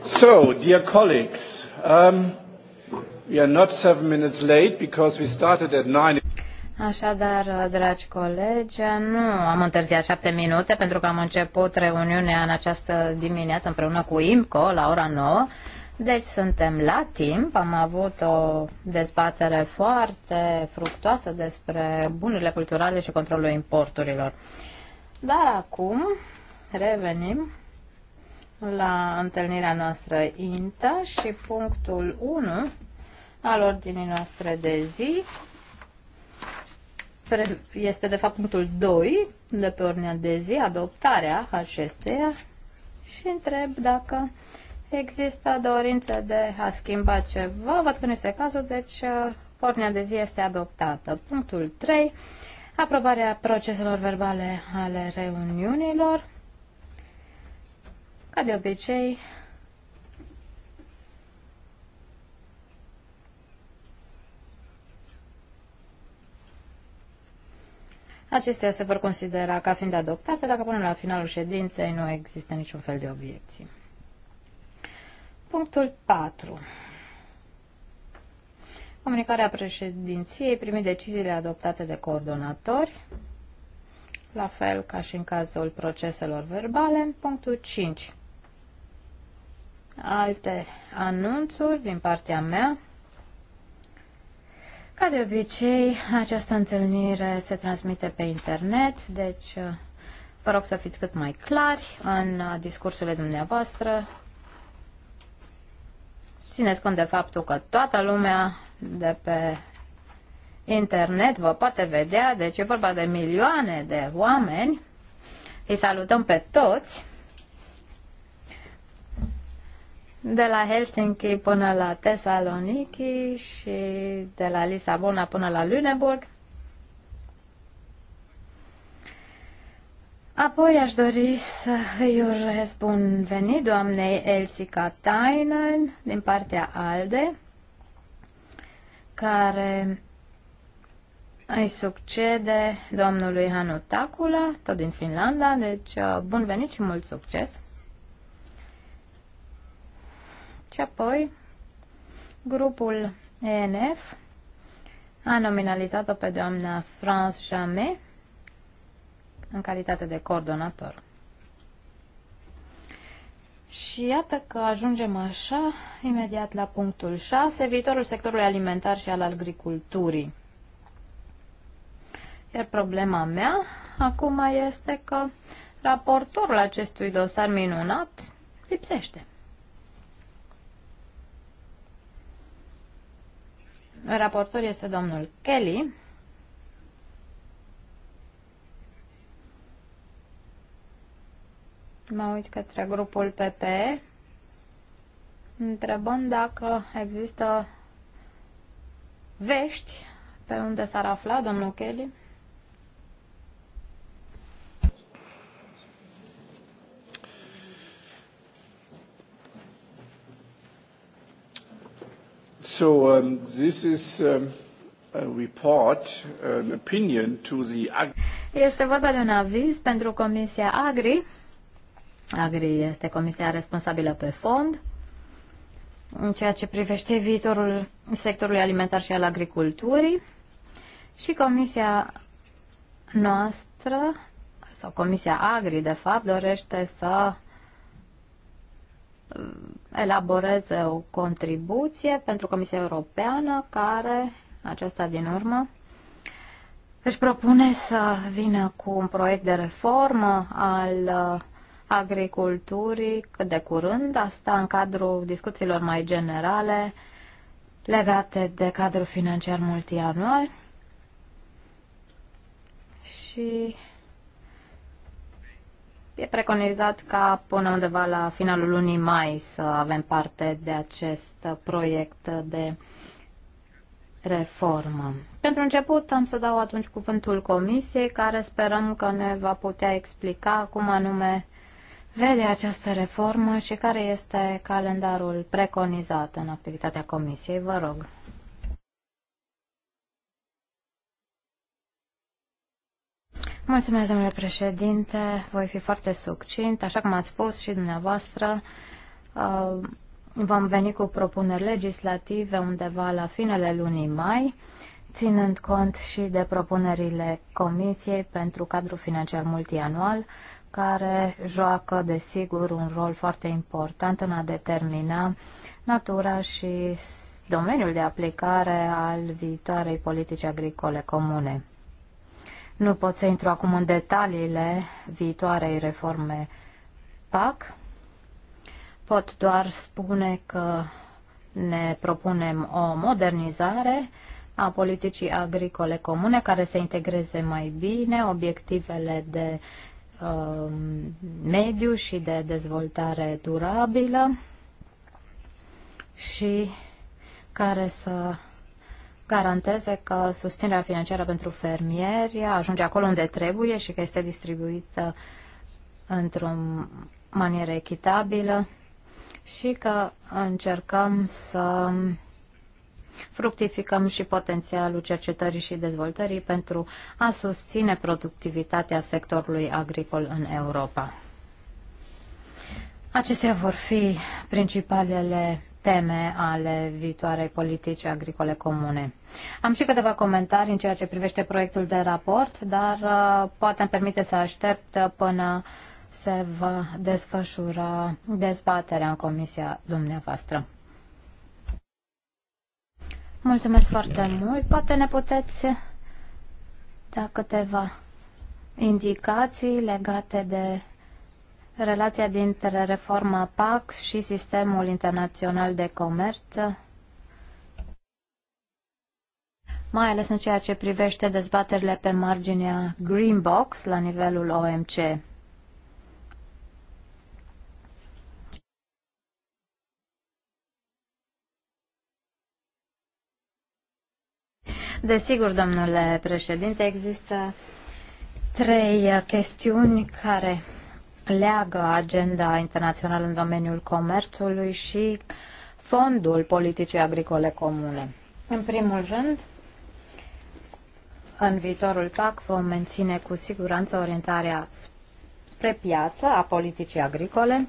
So, dear colleagues, um, we are not seven minutes late because we started at nine. Așadar, dragi colegi, nu am întârziat șapte minute pentru că am început reuniunea în această dimineață împreună cu IMCO la ora 9. Deci suntem la timp, am avut o dezbatere foarte fructoasă despre bunurile culturale și controlul importurilor. Dar acum revenim la întâlnirea noastră INTA și punctul 1 al ordinii noastre de zi este de fapt punctul 2 de pe ordinea de zi, adoptarea acesteia și întreb dacă există dorință de a schimba ceva. Văd că nu este cazul, deci uh, ordinea de zi este adoptată. Punctul 3. Aprobarea proceselor verbale ale reuniunilor. Ca de obicei, Acestea se vor considera ca fiind adoptate dacă până la finalul ședinței nu există niciun fel de obiecții. Punctul 4. Comunicarea președinției primit deciziile adoptate de coordonatori, la fel ca și în cazul proceselor verbale. Punctul 5 alte anunțuri din partea mea. Ca de obicei, această întâlnire se transmite pe internet, deci uh, vă rog să fiți cât mai clari în uh, discursurile dumneavoastră. Țineți cont de faptul că toată lumea de pe internet vă poate vedea, deci e vorba de milioane de oameni. Îi salutăm pe toți. de la Helsinki până la Thessaloniki și de la Lisabona până la Lüneburg. Apoi aș dori să îi urez bun venit doamnei Elsica Tainan din partea ALDE, care îi succede domnului Hanu Takula, tot din Finlanda, deci bun venit și mult succes! Și apoi grupul ENF a nominalizat-o pe doamna France Jamet în calitate de coordonator. Și iată că ajungem așa, imediat la punctul 6, viitorul sectorului alimentar și al agriculturii. Iar problema mea acum este că raportorul acestui dosar minunat lipsește. Raportor este domnul Kelly. Mă uit către grupul PP, întrebând dacă există vești pe unde s-ar afla domnul Kelly. So um, this is um, a report, an opinion to the Este vorba de un aviz pentru Comisia Agri. Agri este comisia responsabilă pe fond în ceea ce privește viitorul sectorului alimentar și al agriculturii și comisia noastră sau comisia Agri, de fapt, dorește să elaboreze o contribuție pentru Comisia Europeană care, aceasta din urmă, își propune să vină cu un proiect de reformă al uh, agriculturii cât de curând, asta în cadrul discuțiilor mai generale legate de cadrul financiar multianual și E preconizat ca până undeva la finalul lunii mai să avem parte de acest proiect de reformă. Pentru început am să dau atunci cuvântul comisiei care sperăm că ne va putea explica cum anume vede această reformă și care este calendarul preconizat în activitatea comisiei. Vă rog. Mulțumesc, domnule președinte. Voi fi foarte succint. Așa cum ați spus și dumneavoastră, uh, vom veni cu propuneri legislative undeva la finele lunii mai, ținând cont și de propunerile Comisiei pentru cadrul financiar multianual, care joacă, desigur, un rol foarte important în a determina natura și domeniul de aplicare al viitoarei politici agricole comune. Nu pot să intru acum în detaliile viitoarei reforme PAC. Pot doar spune că ne propunem o modernizare a politicii agricole comune care să integreze mai bine obiectivele de uh, mediu și de dezvoltare durabilă și care să garanteze că susținerea financiară pentru fermieri ajunge acolo unde trebuie și că este distribuită într-o manieră echitabilă și că încercăm să fructificăm și potențialul cercetării și dezvoltării pentru a susține productivitatea sectorului agricol în Europa. Acestea vor fi principalele teme ale viitoarei politici agricole comune. Am și câteva comentarii în ceea ce privește proiectul de raport, dar uh, poate îmi permite să aștept până se va desfășura dezbaterea în comisia dumneavoastră. Mulțumesc foarte mult. Poate ne puteți da câteva indicații legate de relația dintre reforma PAC și sistemul internațional de comerț, mai ales în ceea ce privește dezbaterile pe marginea Green Box la nivelul OMC. Desigur, domnule președinte, există trei chestiuni care leagă agenda internațională în domeniul comerțului și fondul politicii agricole comune. În primul rând, în viitorul PAC vom menține cu siguranță orientarea spre piață a politicii agricole.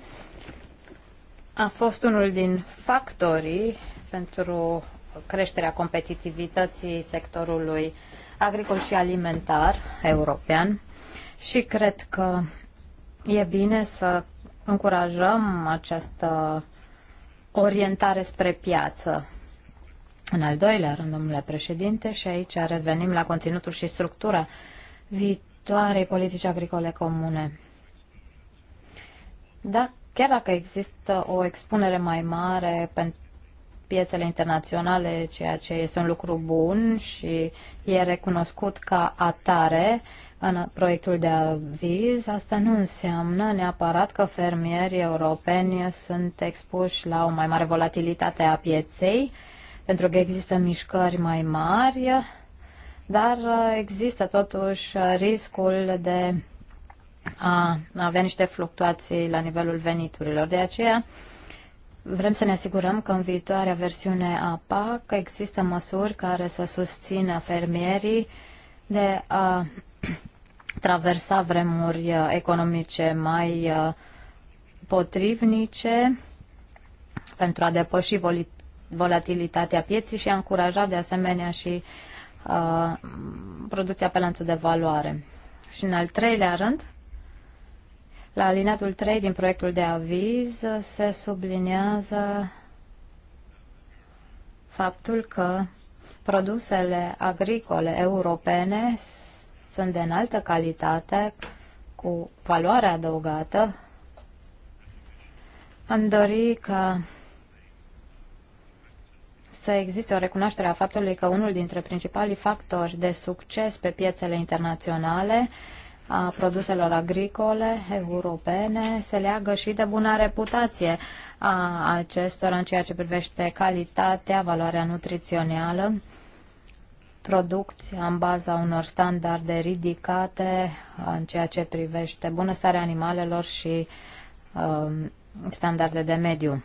A fost unul din factorii pentru creșterea competitivității sectorului agricol și alimentar european și cred că e bine să încurajăm această orientare spre piață. În al doilea rând, domnule președinte, și aici revenim la conținutul și structura viitoarei politici agricole comune. Da, chiar dacă există o expunere mai mare pentru piețele internaționale, ceea ce este un lucru bun și e recunoscut ca atare în proiectul de aviz, asta nu înseamnă neapărat că fermierii europeni sunt expuși la o mai mare volatilitate a pieței, pentru că există mișcări mai mari, dar există totuși riscul de a avea niște fluctuații la nivelul veniturilor. De aceea, Vrem să ne asigurăm că în viitoarea versiune a PAC există măsuri care să susțină fermierii de a traversa vremuri uh, economice mai uh, potrivnice pentru a depăși volatilitatea pieții și a încuraja de asemenea și uh, producția pe lanțul de valoare. Și în al treilea rând, la alineatul 3 din proiectul de aviz se subliniază faptul că produsele agricole europene sunt de înaltă calitate, cu valoare adăugată. Am dori ca să existe o recunoaștere a faptului că unul dintre principalii factori de succes pe piețele internaționale a produselor agricole europene se leagă și de buna reputație a acestora în ceea ce privește calitatea, valoarea nutrițională, producția în baza unor standarde ridicate în ceea ce privește bunăstarea animalelor și um, standarde de mediu.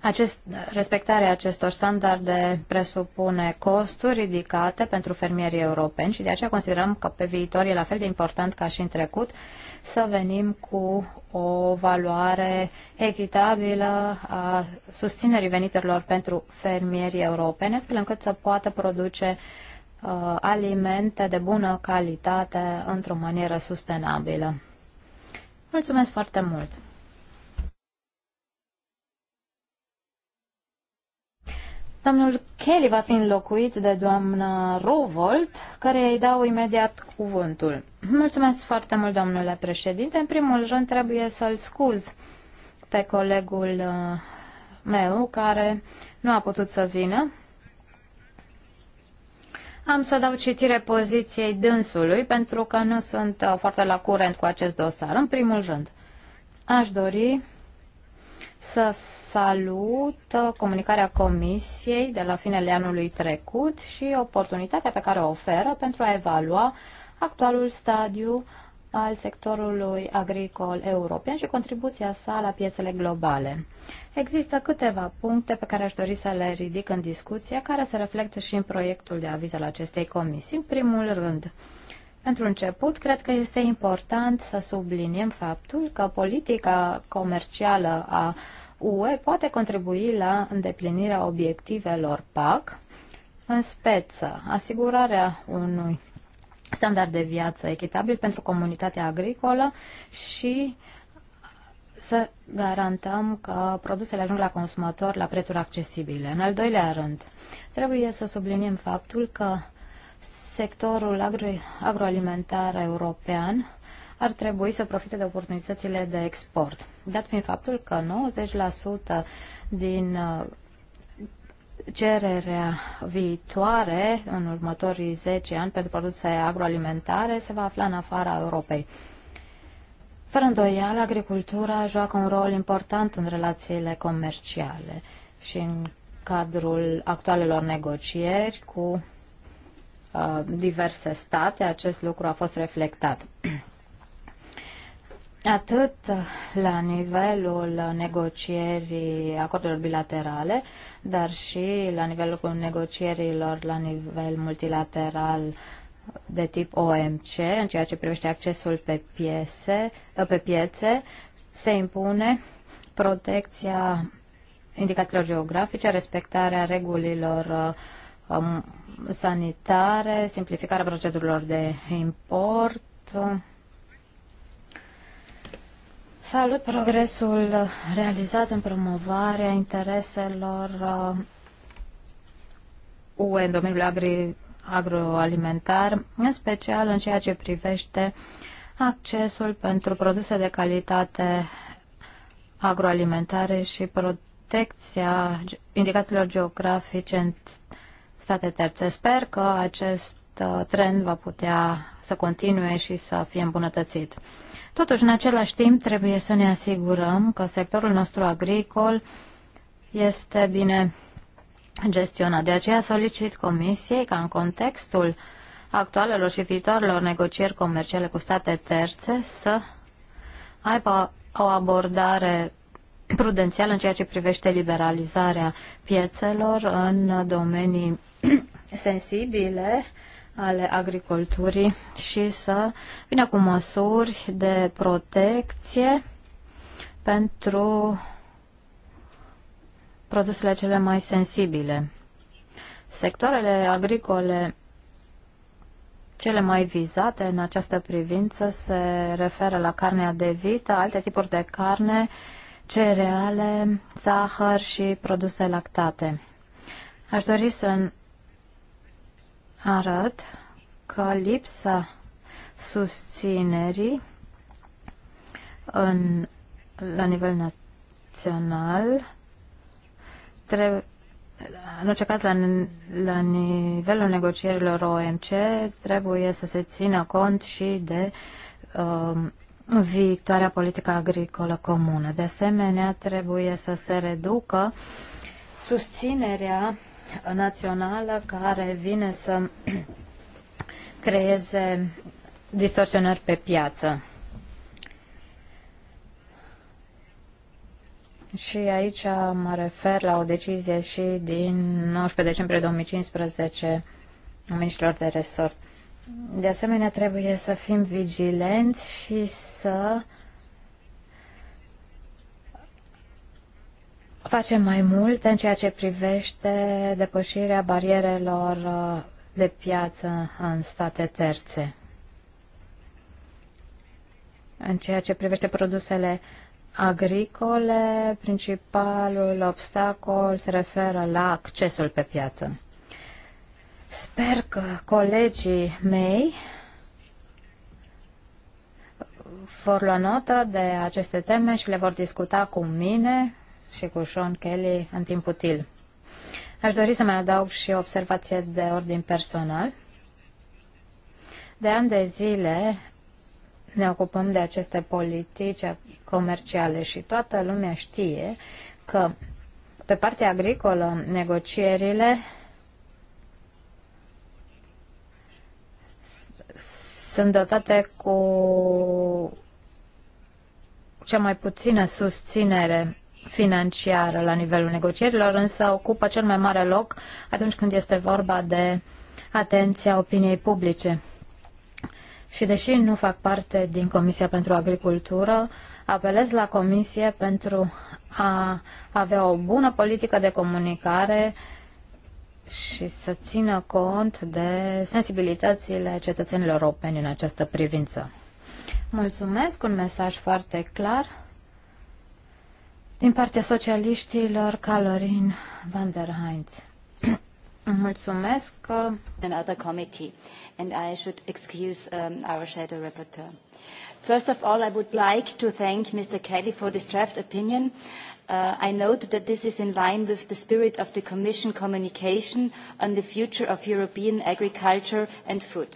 Acest, respectarea acestor standarde presupune costuri ridicate pentru fermierii europeni și de aceea considerăm că pe viitor e la fel de important ca și în trecut să venim cu o valoare echitabilă a susținerii veniturilor pentru fermierii europeni, astfel încât să poată produce uh, alimente de bună calitate într-o manieră sustenabilă. Mulțumesc foarte mult! Domnul Kelly va fi înlocuit de doamna Rovolt, care îi dau imediat cuvântul. Mulțumesc foarte mult, domnule președinte. În primul rând trebuie să-l scuz pe colegul uh, meu care nu a putut să vină. Am să dau citire poziției dânsului pentru că nu sunt uh, foarte la curent cu acest dosar. În primul rând, aș dori să salut uh, comunicarea Comisiei de la finele anului trecut și oportunitatea pe care o oferă pentru a evalua actualul stadiu al sectorului agricol european și contribuția sa la piețele globale. Există câteva puncte pe care aș dori să le ridic în discuție, care se reflectă și în proiectul de aviz al acestei comisii. În primul rând, pentru început, cred că este important să subliniem faptul că politica comercială a UE poate contribui la îndeplinirea obiectivelor PAC, în speță asigurarea unui standard de viață echitabil pentru comunitatea agricolă și să garantăm că produsele ajung la consumator la prețuri accesibile. În al doilea rând, trebuie să subliniem faptul că sectorul agro agroalimentar european ar trebui să profite de oportunitățile de export. Dat fiind faptul că 90% din uh, cererea viitoare în următorii 10 ani pentru produse agroalimentare se va afla în afara Europei. Fără îndoială, agricultura joacă un rol important în relațiile comerciale și în cadrul actualelor negocieri cu Uh, diverse state, acest lucru a fost reflectat. Atât la nivelul negocierii acordurilor bilaterale, dar și la nivelul negocierilor la nivel multilateral de tip OMC, în ceea ce privește accesul pe, piese, uh, pe piețe, se impune protecția indicațiilor geografice, respectarea regulilor uh, Um, sanitare, simplificarea procedurilor de import. Salut progresul realizat în promovarea intereselor uh, UE în domeniul agri agroalimentar, în special în ceea ce privește accesul pentru produse de calitate agroalimentare și protecția indicațiilor geografice în state terțe. Sper că acest uh, trend va putea să continue și să fie îmbunătățit. Totuși, în același timp, trebuie să ne asigurăm că sectorul nostru agricol este bine gestionat. De aceea solicit Comisiei ca în contextul actualelor și viitoarelor negocieri comerciale cu state terțe să aibă o abordare prudențială în ceea ce privește liberalizarea piețelor în domenii sensibile ale agriculturii și să vină cu măsuri de protecție pentru produsele cele mai sensibile. Sectoarele agricole cele mai vizate în această privință se referă la carnea de vită, alte tipuri de carne, cereale, zahăr și produse lactate. Aș dori să arăt că lipsa susținerii în, la nivel național trebuie în orice caz, la, la nivelul negocierilor OMC trebuie să se țină cont și de uh, viitoarea politică agricolă comună. De asemenea, trebuie să se reducă susținerea națională care vine să creeze distorsionări pe piață. Și aici mă refer la o decizie și din 19 decembrie 2015 a ministrilor de resort. De asemenea, trebuie să fim vigilenți și să facem mai mult în ceea ce privește depășirea barierelor uh, de piață în state terțe. În ceea ce privește produsele agricole, principalul obstacol se referă la accesul pe piață. Sper că colegii mei vor lua notă de aceste teme și le vor discuta cu mine și cu Sean Kelly în timp util. Aș dori să mai adaug și o observație de ordin personal. De ani de zile ne ocupăm de aceste politici comerciale și toată lumea știe că pe partea agricolă negocierile sunt dotate cu cea mai puțină susținere financiară la nivelul negocierilor, însă ocupă cel mai mare loc atunci când este vorba de atenția opiniei publice. Și deși nu fac parte din Comisia pentru Agricultură, apelez la Comisie pentru a avea o bună politică de comunicare și să țină cont de sensibilitățile cetățenilor europeni în această privință. Mulțumesc, un mesaj foarte clar. Din partea socialiștilor, Calorin van der Heinz. Mulțumesc. Another committee, and I should excuse um, our shadow rapporteur. First of all, I would like to thank Mr. Kelly for this draft opinion. Uh, I note that this is in line with the spirit of the Commission communication on the future of European agriculture and food.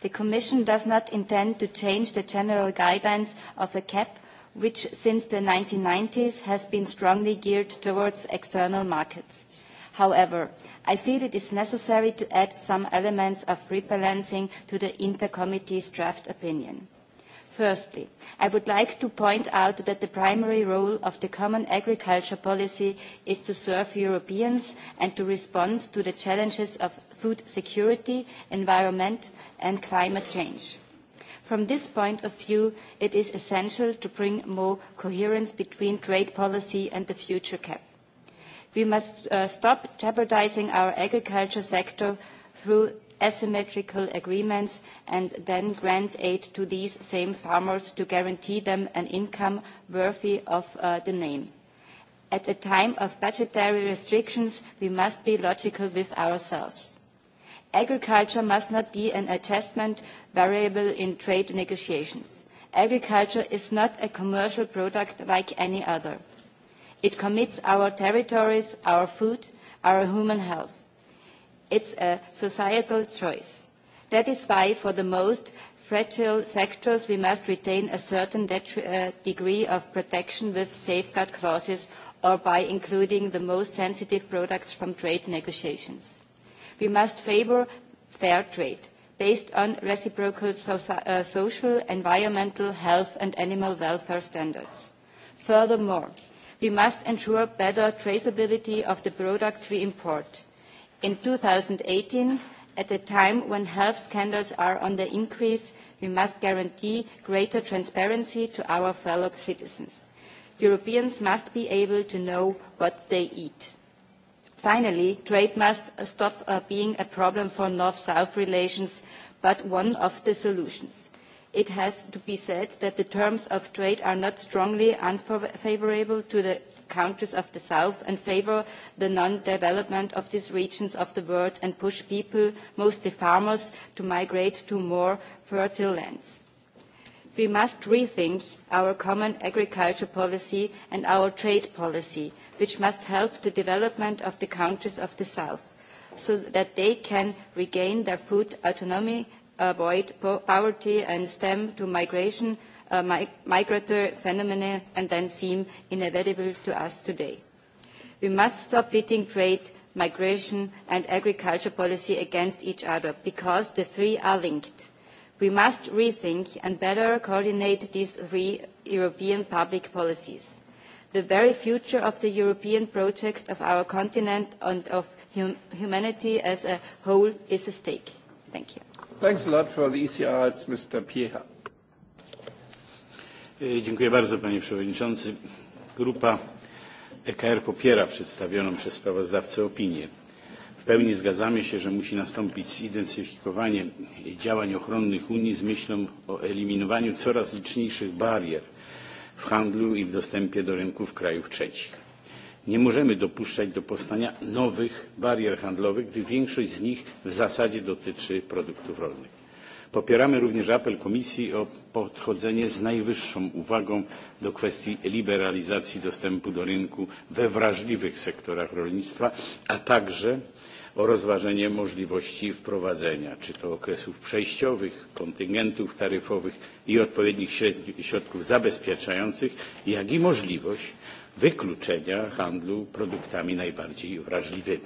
The Commission does not intend to change the general guidelines of the CAP, which since the 1990s has been strongly geared towards external markets. However, I feel it is necessary to add some elements of rebalancing to the Intercommittee's draft opinion. Firstly, I would like to point out that the primary role of the common agriculture policy is to serve Europeans and to respond to the challenges of food security, environment and climate change. From this point of view, it is essential to bring more coherence between trade policy and the future cap. We must uh, stop jeopardizing our agriculture sector through asymmetrical agreements and then grant aid to these same farmers to guarantee them an income worthy of uh, the name. At a time of budgetary restrictions, we must be logical with ourselves. Agriculture must not be an adjustment variable in trade negotiations. Agriculture is not a commercial product like any other. It commits our territories, our food, our human health. It's a societal choice. That is why for the most fragile sectors we must retain a certain uh, degree of protection with safeguard clauses or by including the most sensitive products from trade negotiations we must favour fair trade based on reciprocal uh, social, environmental, health and animal welfare standards. Furthermore, we must ensure better traceability of the products we import. In 2018, at a time when health scandals are on the increase, we must guarantee greater transparency to our fellow citizens. Europeans must be able to know what they eat. Finally, trade must stop uh, being a problem for North-South relations, but one of the solutions. It has to be said that the terms of trade are not strongly unfavourable to the countries of the South and favour the non-development of these regions of the world and push people, mostly farmers, to migrate to more fertile lands we must rethink our common agriculture policy and our trade policy, which must help the development of the countries of the South so that they can regain their food autonomy, avoid poverty and stem to migration, uh, mig migratory phenomena and then seem inevitable to us today. We must stop pitting trade, migration and agriculture policy against each other because the three are linked We must rethink and better coordinate these three European public policies. The very future of the European project of our continent and of hum humanity as a whole is at stake. Thank you. Thanks a lot for the ECR. It's Mr. Piecha. Dziękuję bardzo, panie przewodniczący. Grupa EKR popiera przedstawioną przez sprawozdawcę opinię pełni zgadzamy się, że musi nastąpić zidentyfikowanie działań ochronnych Unii z myślą o eliminowaniu coraz liczniejszych barier w handlu i w dostępie do rynków krajów trzecich. Nie możemy dopuszczać do powstania nowych barier handlowych, gdy większość z nich w zasadzie dotyczy produktów rolnych. Popieramy również apel Komisji o podchodzenie z najwyższą uwagą do kwestii liberalizacji dostępu do rynku we wrażliwych sektorach rolnictwa, a także o rozważenie możliwości wprowadzenia czy to okresów przejściowych, kontyngentów taryfowych i odpowiednich środków zabezpieczających, jak i możliwość wykluczenia handlu produktami najbardziej wrażliwymi.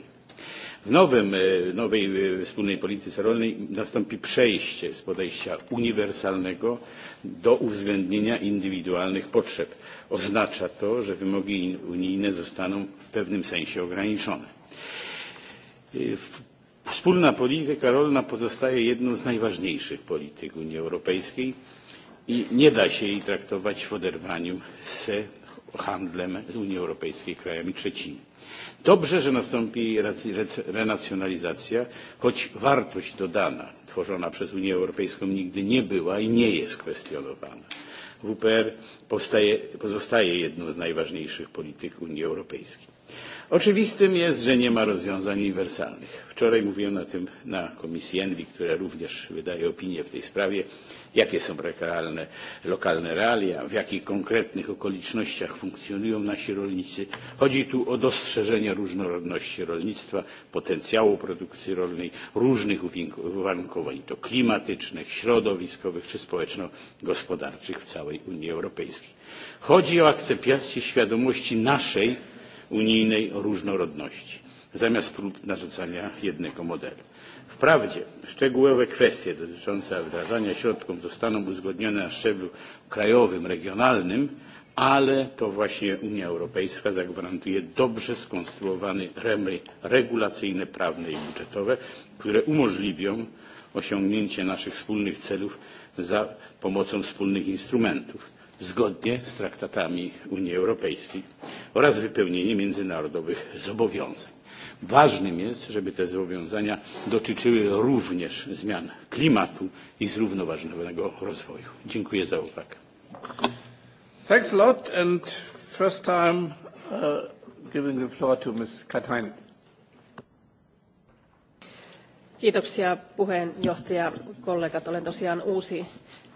W nowym, nowej wspólnej polityce rolnej nastąpi przejście z podejścia uniwersalnego do uwzględnienia indywidualnych potrzeb. Oznacza to, że wymogi unijne zostaną w pewnym sensie ograniczone. Wspólna polityka rolna pozostaje jedną z najważniejszych polityk Unii Europejskiej i nie da się jej traktować w oderwaniu z handlem Unii Europejskiej krajami trzecimi. Dobrze, że nastąpi jej renacjonalizacja, choć wartość dodana tworzona przez Unię Europejską nigdy nie była i nie jest kwestionowana. WPR powstaje, pozostaje jedną z najważniejszych polityk Unii Europejskiej. Oczywistym jest, że nie ma rozwiązań uniwersalnych. Wczoraj mówiłem o tym na Komisji ENVI, która również wydaje opinię w tej sprawie, jakie są realne, lokalne realia, w jakich konkretnych okolicznościach funkcjonują nasi rolnicy. Chodzi tu o dostrzeżenie różnorodności rolnictwa, potencjału produkcji rolnej, różnych uwarunkowań to klimatycznych, środowiskowych czy społeczno-gospodarczych w całej Unii Europejskiej. Chodzi o akceptację świadomości naszej unijnej różnorodności, zamiast prób narzucania jednego modelu. Wprawdzie szczegółowe kwestie dotyczące wdrażania środków zostaną uzgodnione na szczeblu krajowym, regionalnym, ale to właśnie Unia Europejska zagwarantuje dobrze skonstruowane ramy regulacyjne, prawne i budżetowe, które umożliwią osiągnięcie naszych wspólnych celów za pomocą wspólnych instrumentów zgodnie z traktatami Unii Europejskiej oraz wypełnienie międzynarodowych zobowiązań. Ważne jest, żeby te zobowiązania dotyczyły również zmian klimatu i zrównoważonego rozwoju. Dziękuję za uwagę. Thanks a lot and first time uh, giving the floor to Ms. Katainen. Kiitoksia puheenjohtaja, kollegat. Olen tosiaan uusi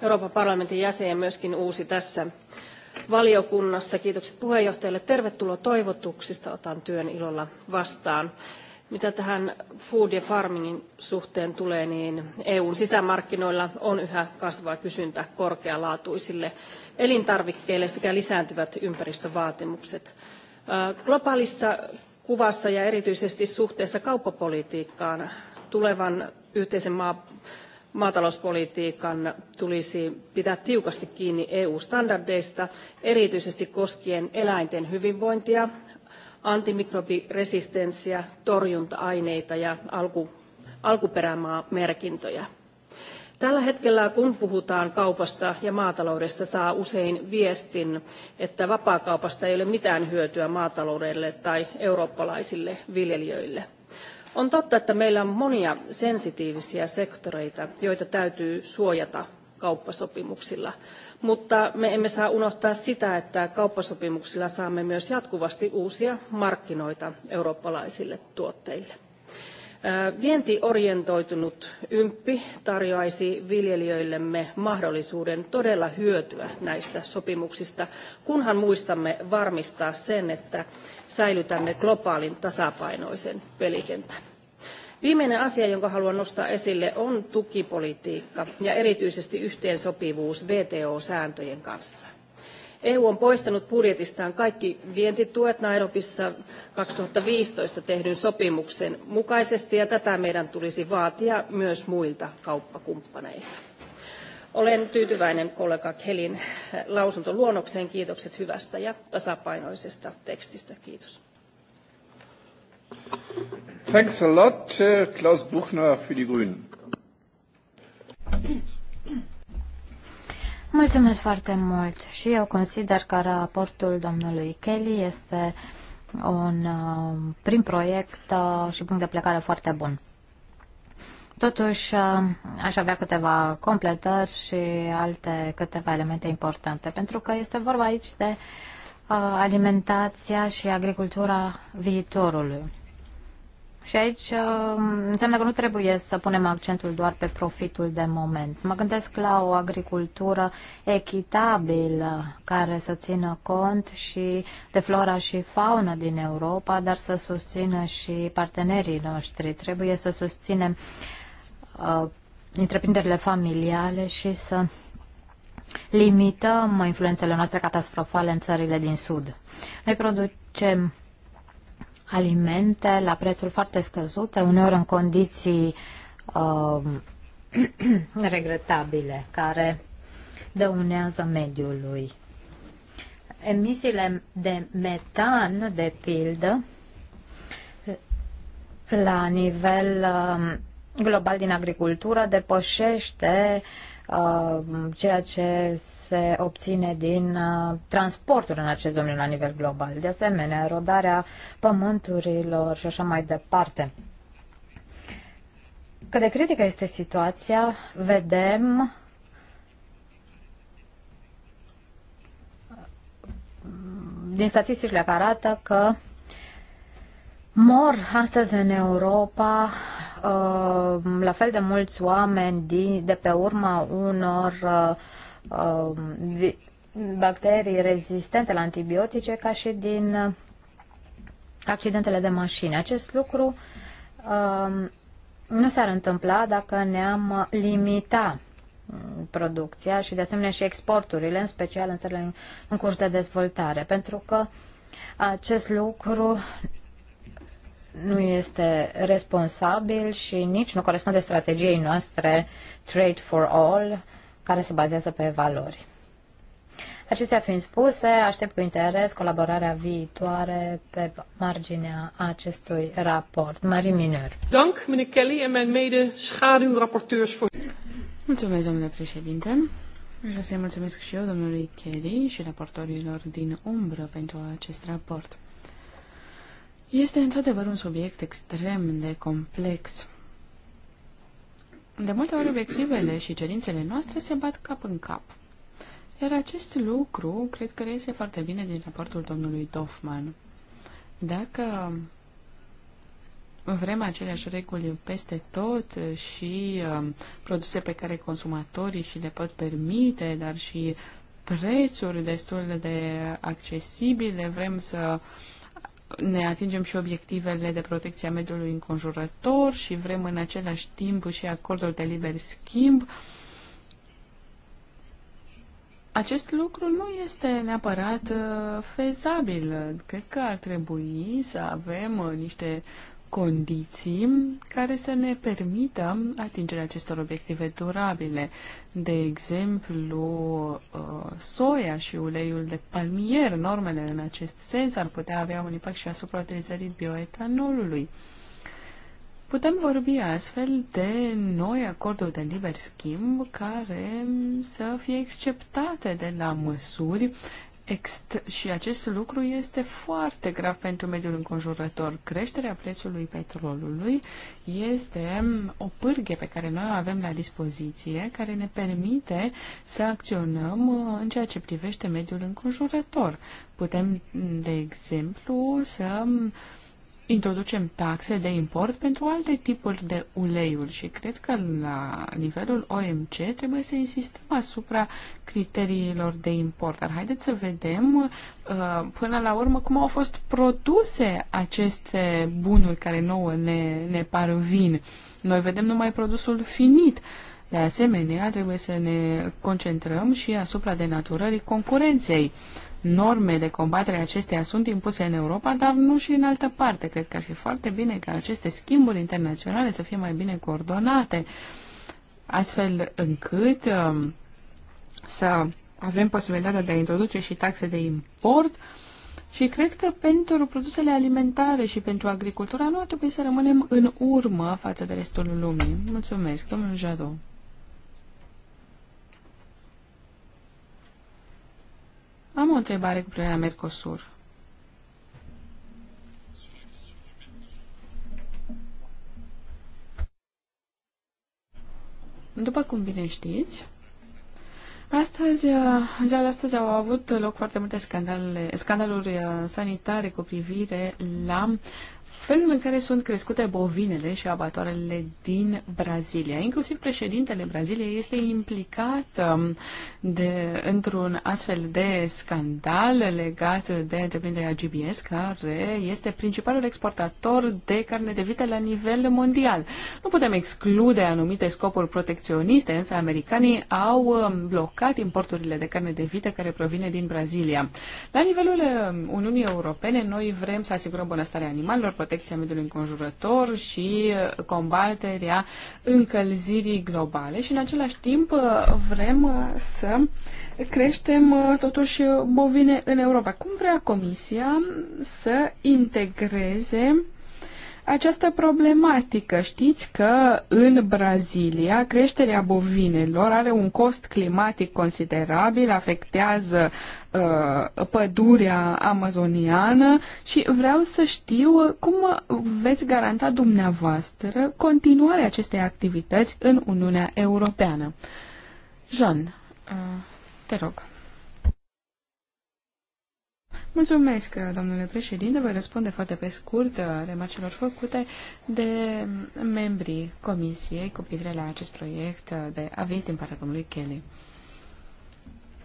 Euroopan parlamentin jäsen ja myöskin uusi tässä valiokunnassa. Kiitokset puheenjohtajalle. Tervetuloa toivotuksista. Otan työn ilolla vastaan. Mitä tähän food ja farmingin suhteen tulee, niin EUn sisämarkkinoilla on yhä kasvava kysyntä korkealaatuisille elintarvikkeille sekä lisääntyvät ympäristövaatimukset. Globaalissa kuvassa ja erityisesti suhteessa kauppapolitiikkaan tulevan yhteisen maa maatalouspolitiikan tulisi pitää tiukasti kiinni EU-standardeista, erityisesti koskien eläinten hyvinvointia, antimikrobiresistenssiä, torjunta-aineita ja alku, alkuperämaamerkintöjä. Tällä hetkellä, kun puhutaan kaupasta ja maataloudesta, saa usein viestin, että vapaakaupasta ei ole mitään hyötyä maataloudelle tai eurooppalaisille viljelijöille – on totta että meillä on monia sensitiivisiä sektoreita joita täytyy suojata kauppasopimuksilla mutta me emme saa unohtaa sitä että kauppasopimuksilla saamme myös jatkuvasti uusia markkinoita eurooppalaisille tuotteille. Vientiorientoitunut ymppi tarjoaisi viljelijöillemme mahdollisuuden todella hyötyä näistä sopimuksista, kunhan muistamme varmistaa sen, että säilytämme globaalin tasapainoisen pelikentän. Viimeinen asia, jonka haluan nostaa esille, on tukipolitiikka ja erityisesti yhteensopivuus WTO-sääntöjen kanssa. EU on poistanut budjetistaan kaikki vientituet Nairobissa 2015 tehdyn sopimuksen mukaisesti ja tätä meidän tulisi vaatia myös muilta kauppakumppaneilta. Olen tyytyväinen kollega Kelin eh, lausuntoluonnokseen. Kiitokset hyvästä ja tasapainoisesta tekstistä. Kiitos. Thanks a lot, eh, Klaus Buchner für die Grünen. Mulțumesc foarte mult și eu consider că raportul domnului Kelly este un uh, prim proiect uh, și punct de plecare foarte bun. Totuși, uh, aș avea câteva completări și alte câteva elemente importante, pentru că este vorba aici de alimentația și agricultura viitorului. Și aici uh, înseamnă că nu trebuie să punem accentul doar pe profitul de moment. Mă gândesc la o agricultură echitabilă, care să țină cont și de flora și fauna din Europa, dar să susțină și partenerii noștri. Trebuie să susținem uh, întreprinderile familiale și să limităm influențele noastre catastrofale în țările din Sud. Noi producem alimente la prețuri foarte scăzute, uneori în condiții uh, regretabile, care dăunează mediului. Emisiile de metan, de pildă, la nivel uh, global din agricultură depășește uh, Um, ceea ce se obține din uh, transportul în acest domeniu la nivel global. De asemenea, erodarea pământurilor și așa mai departe. Cât de critică este situația, vedem din statisticile care arată că mor astăzi în Europa Ehm, la fel de mulți oameni din, de pe urma unor ehm, bacterii rezistente la antibiotice ca și din ehm, accidentele de mașini. Acest lucru nu s-ar întâmpla dacă ne-am limita producția și de asemenea și exporturile, în special în în curs de dezvoltare, pentru că acest lucru nu este responsabil și nici nu corespunde strategiei noastre Trade for All, care se bazează pe valori. Acestea fiind spuse, aștept cu interes colaborarea viitoare pe marginea acestui raport. Marie Minor. Dank, meneer Kelly en mijn mede schaduwrapporteurs voor... Mulțumesc, domnule președinte. Vreau să-i mulțumesc și eu domnului Kelly și raportorilor din umbră pentru acest raport. Este într-adevăr un subiect extrem de complex. De multe ori obiectivele și cerințele noastre se bat cap în cap. Iar acest lucru cred că reiese foarte bine din raportul domnului Doffman. Dacă vrem aceleași reguli peste tot și um, produse pe care consumatorii și le pot permite, dar și prețuri destul de accesibile, vrem să uh, ne atingem și obiectivele de protecție a mediului înconjurător și vrem în același timp și acordul de liber schimb. Acest lucru nu este neapărat uh, fezabil. Cred că ar trebui să avem uh, niște condiții care să ne permită atingerea acestor obiective durabile. De exemplu, uh, soia și uleiul de palmier, normele în acest sens ar putea avea un impact și asupra utilizării bioetanolului. Putem vorbi astfel de noi acorduri de liber schimb care să fie acceptate de la măsuri Ext- și acest lucru este foarte grav pentru mediul înconjurător. Creșterea prețului petrolului este o pârghie pe care noi o avem la dispoziție, care ne permite să acționăm uh, în ceea ce privește mediul înconjurător. Putem, de exemplu, să introducem taxe de import pentru alte tipuri de uleiuri și cred că la nivelul OMC trebuie să insistăm asupra criteriilor de import. Dar haideți să vedem uh, până la urmă cum au fost produse aceste bunuri care nouă ne, ne parvin. Noi vedem numai produsul finit. De asemenea, trebuie să ne concentrăm și asupra denaturării concurenței norme de combatere acestea sunt impuse în Europa, dar nu și în altă parte. Cred că ar fi foarte bine ca aceste schimburi internaționale să fie mai bine coordonate, astfel încât um, să avem posibilitatea de a introduce și taxe de import și cred că pentru produsele alimentare și pentru agricultura nu ar trebui să rămânem în urmă față de restul lumii. Mulțumesc, domnul Jadot. Am o întrebare cu privire la Mercosur. După cum bine știți, astăzi, uh, ziua de astăzi au avut loc foarte multe scandaluri uh, sanitare cu privire la felul în care sunt crescute bovinele și abatoarele din Brazilia. Inclusiv președintele Braziliei este implicat um, de, într-un astfel de scandal legat de întreprinderea GBS, care este principalul exportator de carne de vită la nivel mondial. Nu putem exclude anumite scopuri protecționiste, însă americanii au um, blocat importurile de carne de vită care provine din Brazilia. La nivelul um, Uniunii Europene, noi vrem să asigurăm bunăstarea animalelor, protecția protecția mediului înconjurător și uh, combaterea încălzirii globale și în același timp uh, vrem uh, să creștem totuși bovine în Europa. Cum vrea Comisia să integreze această problematică. Știți că în Brazilia creșterea bovinelor are un cost climatic considerabil, afectează uh, pădurea amazoniană și vreau să știu cum veți garanta dumneavoastră continuarea acestei activități în Uniunea Europeană. Jean, uh, te rog. Mulțumesc, domnule președinte. Voi răspunde foarte pe scurt uh, remarcilor făcute de membrii comisiei cu privire la acest proiect uh, de aviz din partea domnului Kelly.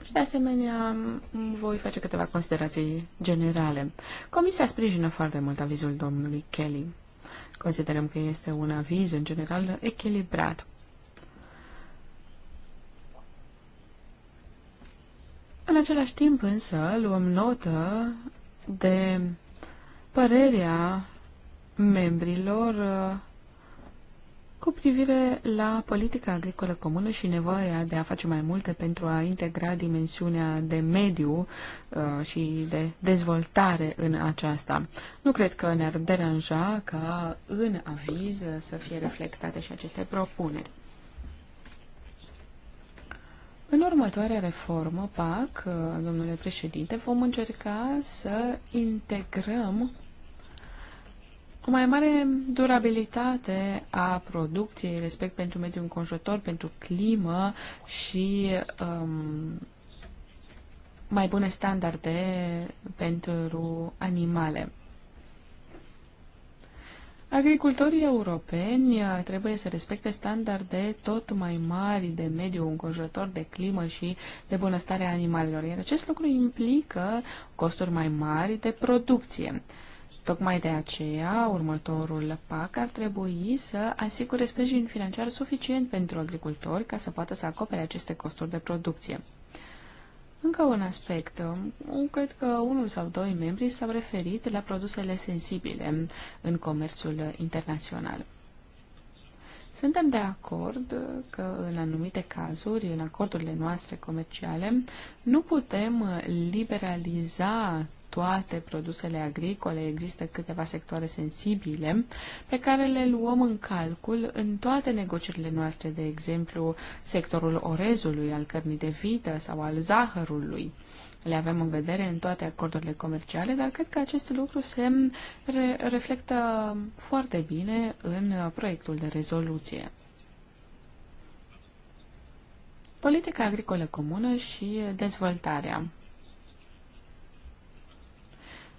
Și de asemenea, voi face câteva considerații generale. Comisia sprijină foarte mult avizul domnului Kelly. Considerăm că este un aviz, în general, echilibrat. În același timp însă luăm notă de părerea membrilor uh, cu privire la politica agricolă comună și nevoia de a face mai multe pentru a integra dimensiunea de mediu uh, și de dezvoltare în aceasta. Nu cred că ne-ar deranja ca în aviz să fie reflectate și aceste propuneri. În următoarea reformă PAC, uh, domnule președinte, vom încerca să integrăm o mai mare durabilitate a producției, respect pentru mediul înconjurător, pentru climă și um, mai bune standarde pentru animale. Agricultorii europeni uh, trebuie să respecte standarde tot mai mari de mediu înconjurător, de climă și de bunăstare a animalelor, iar acest lucru implică costuri mai mari de producție. Tocmai de aceea, următorul PAC ar trebui să asigure sprijin financiar suficient pentru agricultori ca să poată să acopere aceste costuri de producție. Încă un aspect. Cred că unul sau doi membri s-au referit la produsele sensibile în comerțul internațional. Suntem de acord că în anumite cazuri, în acordurile noastre comerciale, nu putem liberaliza toate produsele agricole, există câteva sectoare sensibile pe care le luăm în calcul în toate negocierile noastre, de exemplu sectorul orezului, al cărnii de vită sau al zahărului. Le avem în vedere în toate acordurile comerciale, dar cred că acest lucru se re reflectă foarte bine în proiectul de rezoluție. Politica agricolă comună și dezvoltarea.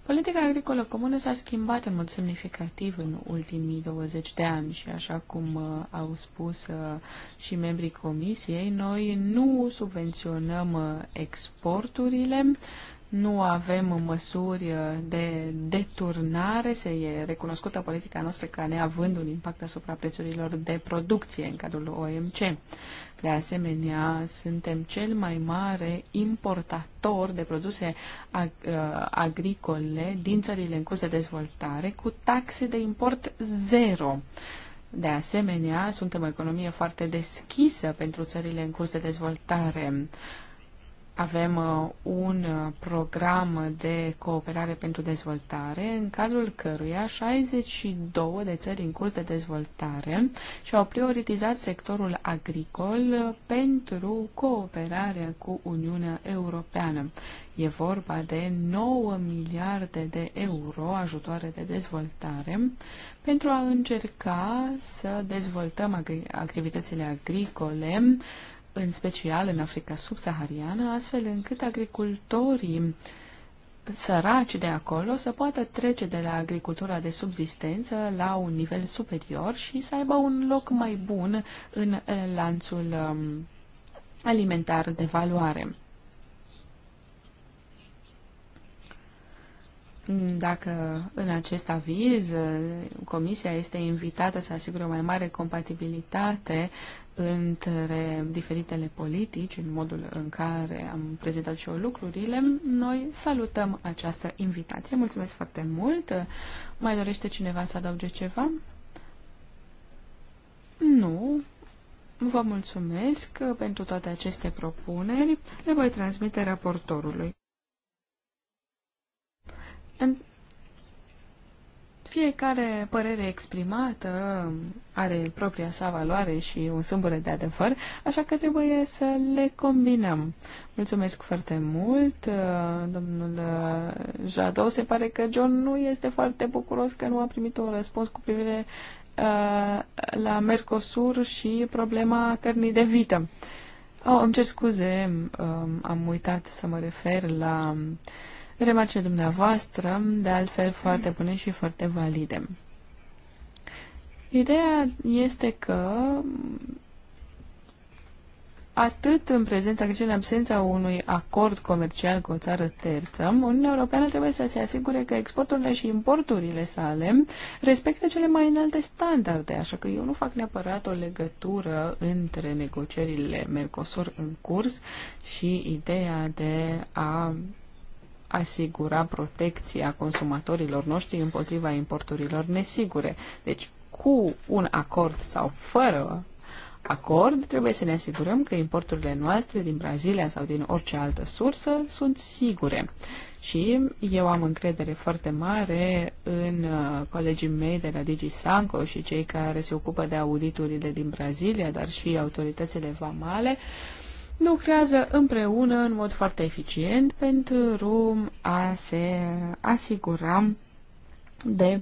Politica agricolă comună s-a schimbat în mod semnificativ în ultimii 20 de ani și așa cum uh, au spus uh, și membrii comisiei, noi nu subvenționăm uh, exporturile, nu avem măsuri de deturnare, se e recunoscută politica noastră ca neavând un impact asupra prețurilor de producție în cadrul OMC. De asemenea, suntem cel mai mare importator de produse ag uh, agricole din țările în curs de dezvoltare, cu taxe de import zero. De asemenea, suntem o economie foarte deschisă pentru țările în curs de dezvoltare. Uh, avem uh, un uh, program de cooperare pentru dezvoltare, în cadrul căruia 62 de țări în curs de dezvoltare și-au prioritizat sectorul agricol uh, pentru cooperarea cu Uniunea Europeană. E vorba de 9 miliarde de euro ajutoare de dezvoltare pentru a încerca să dezvoltăm activitățile agricole în special în Africa subsahariană, astfel încât agricultorii săraci de acolo să poată trece de la agricultura de subzistență la un nivel superior și să aibă un loc mai bun în eh, lanțul um, alimentar de valoare. Dacă în acest aviz eh, Comisia este invitată să asigure o mai mare compatibilitate între diferitele politici, în modul în care am prezentat și eu lucrurile, noi salutăm această invitație. Mulțumesc foarte mult. Mai dorește cineva să adauge ceva? Nu. Vă mulțumesc pentru toate aceste propuneri. Le voi transmite raportorului. Fiecare părere exprimată are propria sa valoare și un sâmbure de adevăr, așa că trebuie să le combinăm. Mulțumesc foarte mult, domnul Jado. Se pare că John nu este foarte bucuros că nu a primit un răspuns cu privire uh, la Mercosur și problema cărnii de vită. Oh, îmi cer scuze, um, am uitat să mă refer la remarce dumneavoastră, de altfel, foarte bune și foarte valide. Ideea este că atât în prezența cât și în absența unui acord comercial cu o țară terță, Uniunea Europeană trebuie să se asigure că exporturile și importurile sale respectă cele mai înalte standarde, așa că eu nu fac neapărat o legătură între negocierile Mercosur în curs și ideea de a asigura protecția consumatorilor noștri împotriva importurilor nesigure. Deci, cu un acord sau fără acord, trebuie să ne asigurăm că importurile noastre din Brazilia sau din orice altă sursă sunt sigure. Și eu am încredere foarte mare în uh, colegii mei de la DigiSanco și cei care se ocupă de auditurile din Brazilia, dar și autoritățile vamale, uh, lucrează împreună în mod foarte eficient pentru a se asigura de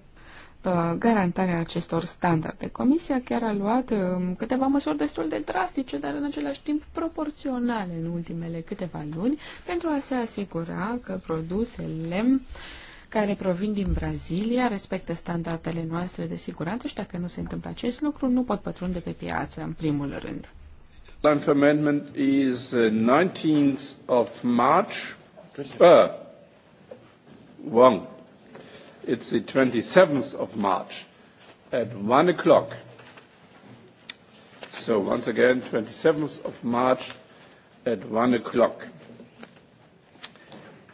uh, garantarea acestor standarde. Comisia chiar a luat um, câteva măsuri destul de drastice, dar în același timp proporționale în ultimele câteva luni, pentru a se asigura că produsele care provin din Brazilia respectă standardele noastre de siguranță și dacă nu se întâmplă acest lucru, nu pot pătrunde pe piață, în primul rând. Deadline for amendment is uh, 19th of March. Uh, wrong. It's the 27th of March at 1 o'clock. So once again, 27th of March at 1 o'clock.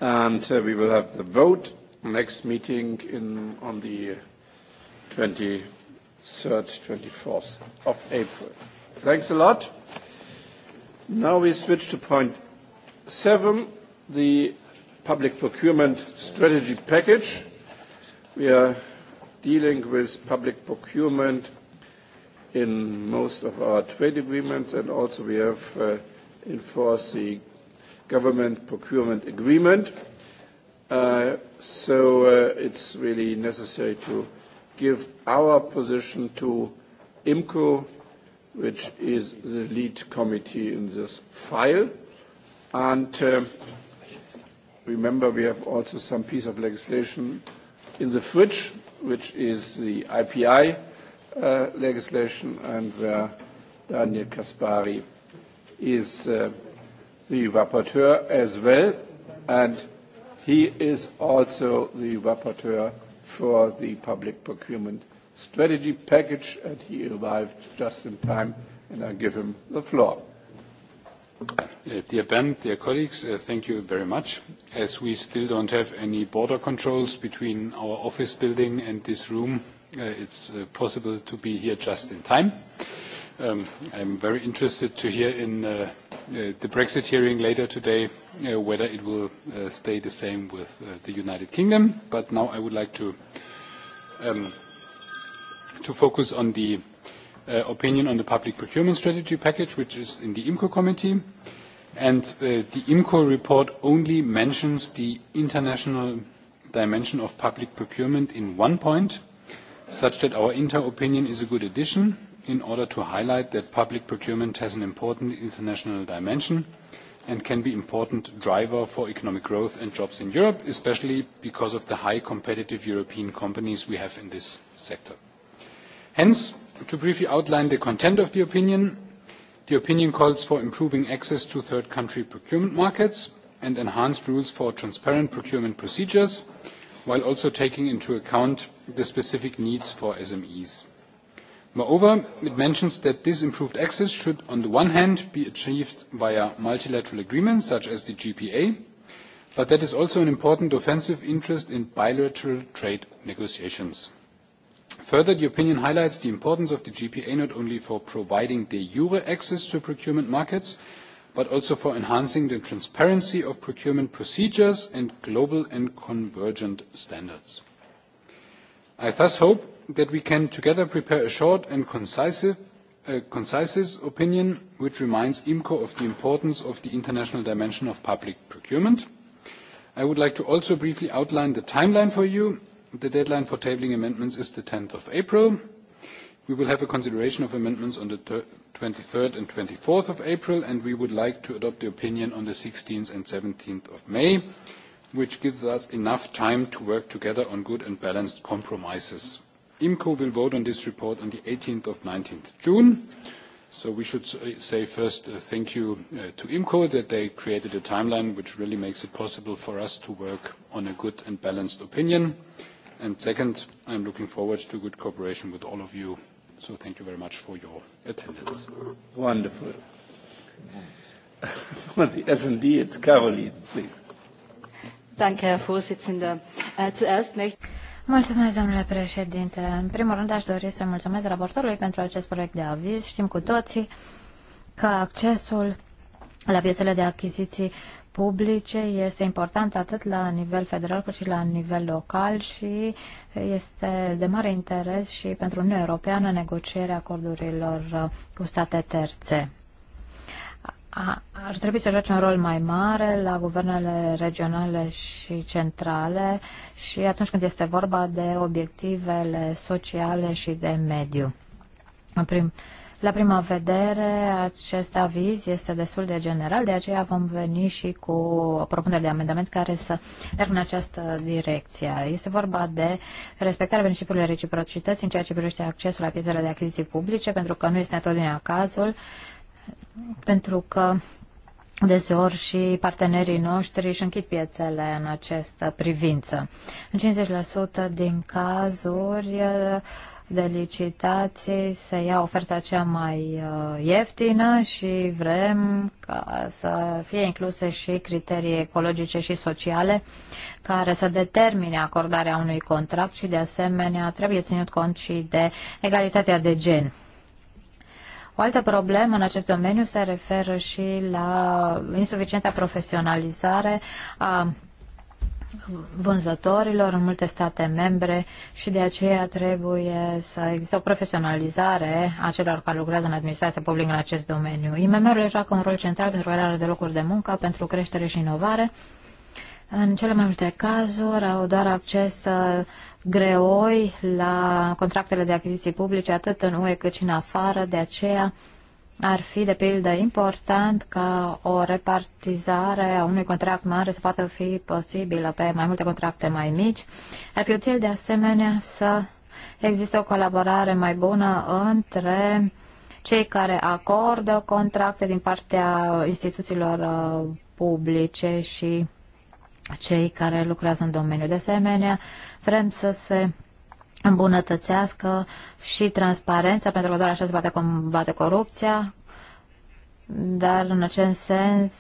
And uh, we will have the vote next meeting in, on the 23rd, 24th of April. Thanks a lot. Now we switch to point seven, the public procurement strategy package. We are dealing with public procurement in most of our trade agreements, and also we have uh, enforced the government procurement agreement. Uh, so uh, it's really necessary to give our position to IMCO which is the lead committee in this file. And uh, remember, we have also some piece of legislation in the fridge, which is the IPI uh, legislation, and where Daniel Kaspari is uh, the rapporteur as well, and he is also the rapporteur for the public procurement strategy package, and he arrived just in time, and I give him the floor. Uh, dear Ben, dear colleagues, uh, thank you very much. As we still don't have any border controls between our office building and this room, uh, it's uh, possible to be here just in time. Um, I'm very interested to hear in uh, the Brexit hearing later today whether it will stay the same with the United Kingdom. But Now I would like to um, to focus on the uh, opinion on the public procurement strategy package, which is in the IMCO committee. And uh, the IMCO report only mentions the international dimension of public procurement in one point, such that our inter opinion is a good addition in order to highlight that public procurement has an important international dimension and can be important driver for economic growth and jobs in Europe, especially because of the high competitive European companies we have in this sector. Hence, to briefly outline the content of the opinion, the opinion calls for improving access to third country procurement markets and enhanced rules for transparent procurement procedures, while also taking into account the specific needs for SMEs. Moreover, it mentions that this improved access should, on the one hand, be achieved via multilateral agreements such as the GPA, but that is also an important offensive interest in bilateral trade negotiations. Further, the opinion highlights the importance of the GPA not only for providing de jure access to procurement markets, but also for enhancing the transparency of procurement procedures and global and convergent standards. I thus hope that we can together prepare a short and concise, uh, opinion which reminds IMCO of the importance of the international dimension of public procurement. I would like to also briefly outline the timeline for you The deadline for tabling amendments is the 10th of April. We will have a consideration of amendments on the 23rd and 24th of April, and we would like to adopt the opinion on the 16th and 17th of May, which gives us enough time to work together on good and balanced compromises. IMCO will vote on this report on the 18th of 19th June. So we should say first uh, thank you uh, to IMCO that they created a timeline which really makes it possible for us to work on a good and balanced opinion. And second, I'm looking forward to good cooperation with all of you. So thank you very much for your attendance. Wonderful. For the S&D, it's Caroline, please. Äh, mulțumesc, domnule președinte. În primul rând, aș dori să mulțumesc raportorului pentru acest proiect de aviz. Știm cu toții că accesul la piețele de achiziții publice este important atât la nivel federal cât și la nivel local și este de mare interes și pentru Uniunea Europeană negocierea acordurilor cu state terțe. Ar trebui să joace un rol mai mare la guvernele regionale și centrale și atunci când este vorba de obiectivele sociale și de mediu. În prim, la prima vedere, acest aviz este destul de general, de aceea vom veni și cu o propunere de amendament care să meargă în această direcție. Este vorba de respectarea principiului reciprocității în ceea ce privește accesul la piețele de achiziții publice, pentru că nu este întotdeauna cazul, pentru că deseori și partenerii noștri își închid piețele în această privință. În 50% din cazuri, de licitații să ia oferta cea mai uh, ieftină și vrem ca să fie incluse și criterii ecologice și sociale care să determine acordarea unui contract și de asemenea trebuie ținut cont și de egalitatea de gen. O altă problemă în acest domeniu se referă și la insuficienta profesionalizare a vânzătorilor în multe state membre și de aceea trebuie să există o profesionalizare a celor care lucrează în administrația publică în acest domeniu. IMM-urile joacă un rol central pentru crearea de locuri de muncă, pentru creștere și inovare. În cele mai multe cazuri au doar acces uh, greoi la contractele de achiziții publice, atât în UE cât și în afară, de aceea ar fi, de pildă, important ca o repartizare a unui contract mare să poată fi posibilă pe mai multe contracte mai mici. Ar fi util, de asemenea, să există o colaborare mai bună între cei care acordă contracte din partea instituțiilor uh, publice și cei care lucrează în domeniu. De asemenea, vrem să se îmbunătățească și transparența, pentru că doar așa se poate combate corupția, dar în acest sens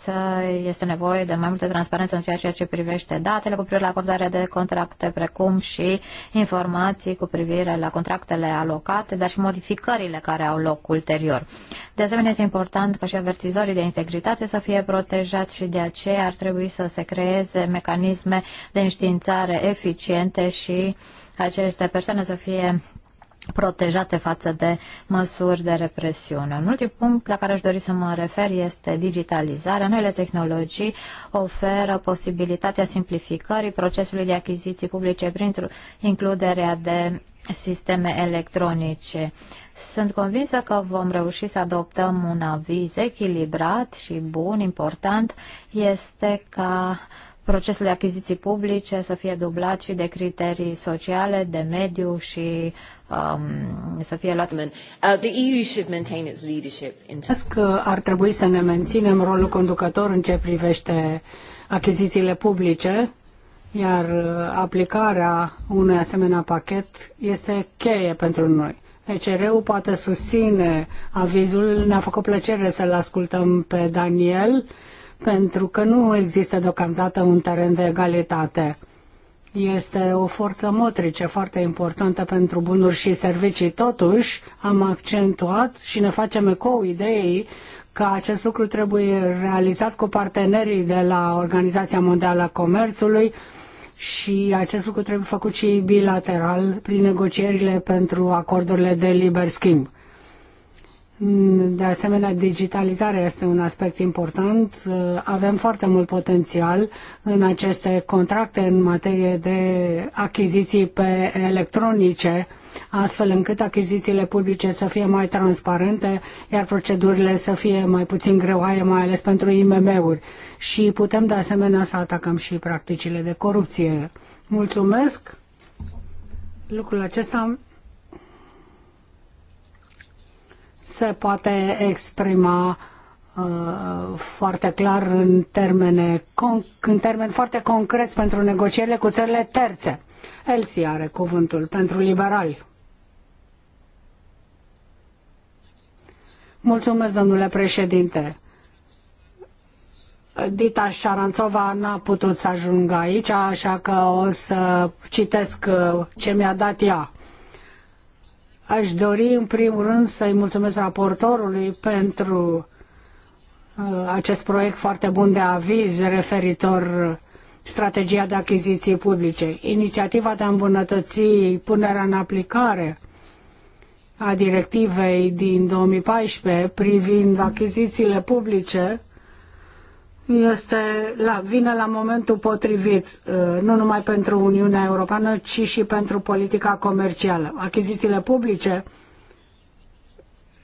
este nevoie de mai multă transparență în ceea ce privește datele cu privire la acordarea de contracte, precum și informații cu privire la contractele alocate, dar și modificările care au loc ulterior. De asemenea, este important ca și avertizorii de integritate să fie protejați și de aceea ar trebui să se creeze mecanisme de înștiințare eficiente și aceste persoane să fie protejate față de măsuri de represiune. Un ultim punct la care aș dori să mă refer este digitalizarea. Noile tehnologii oferă posibilitatea simplificării procesului de achiziții publice prin includerea de sisteme electronice. Sunt convinsă că vom reuși să adoptăm un aviz echilibrat și bun. Important este ca procesul de achiziții publice să fie dublat și de criterii sociale, de mediu și um, să fie luat. Uh, Cred că ar trebui să ne menținem rolul conducător în ce privește achizițiile publice, iar uh, aplicarea unui asemenea pachet este cheie pentru noi. ECR-ul poate susține avizul, ne-a făcut plăcere să-l ascultăm pe Daniel pentru că nu există deocamdată un teren de egalitate. Este o forță motrice foarte importantă pentru bunuri și servicii. Totuși, am accentuat și ne facem ecou ideii că acest lucru trebuie realizat cu partenerii de la Organizația Mondială a Comerțului și acest lucru trebuie făcut și bilateral prin negocierile pentru acordurile de liber schimb. Mm, de asemenea, digitalizarea este un aspect important. Uh, avem foarte mult potențial în aceste contracte în materie de achiziții pe electronice, astfel încât achizițiile publice să fie mai transparente, iar procedurile să fie mai puțin greoaie, mai ales pentru IMM-uri. Și putem, de asemenea, să atacăm și practicile de corupție. Mulțumesc! Lucrul acesta se poate exprima uh, foarte clar în, termene, în termeni foarte concreți pentru negocierile cu țările terțe. Elsie are cuvântul pentru liberali. Mulțumesc, domnule președinte. Dita Șaranțova n-a putut să ajungă aici, așa că o să citesc uh, ce mi-a dat ea. Aș dori în primul rând să-i mulțumesc raportorului pentru uh, acest proiect foarte bun de aviz referitor strategia de achiziții publice. Inițiativa de a îmbunătăți punerea în aplicare a directivei din 2014 privind achizițiile publice este la, vine la momentul potrivit, uh, nu numai pentru Uniunea Europeană, ci și pentru politica comercială. Achizițiile publice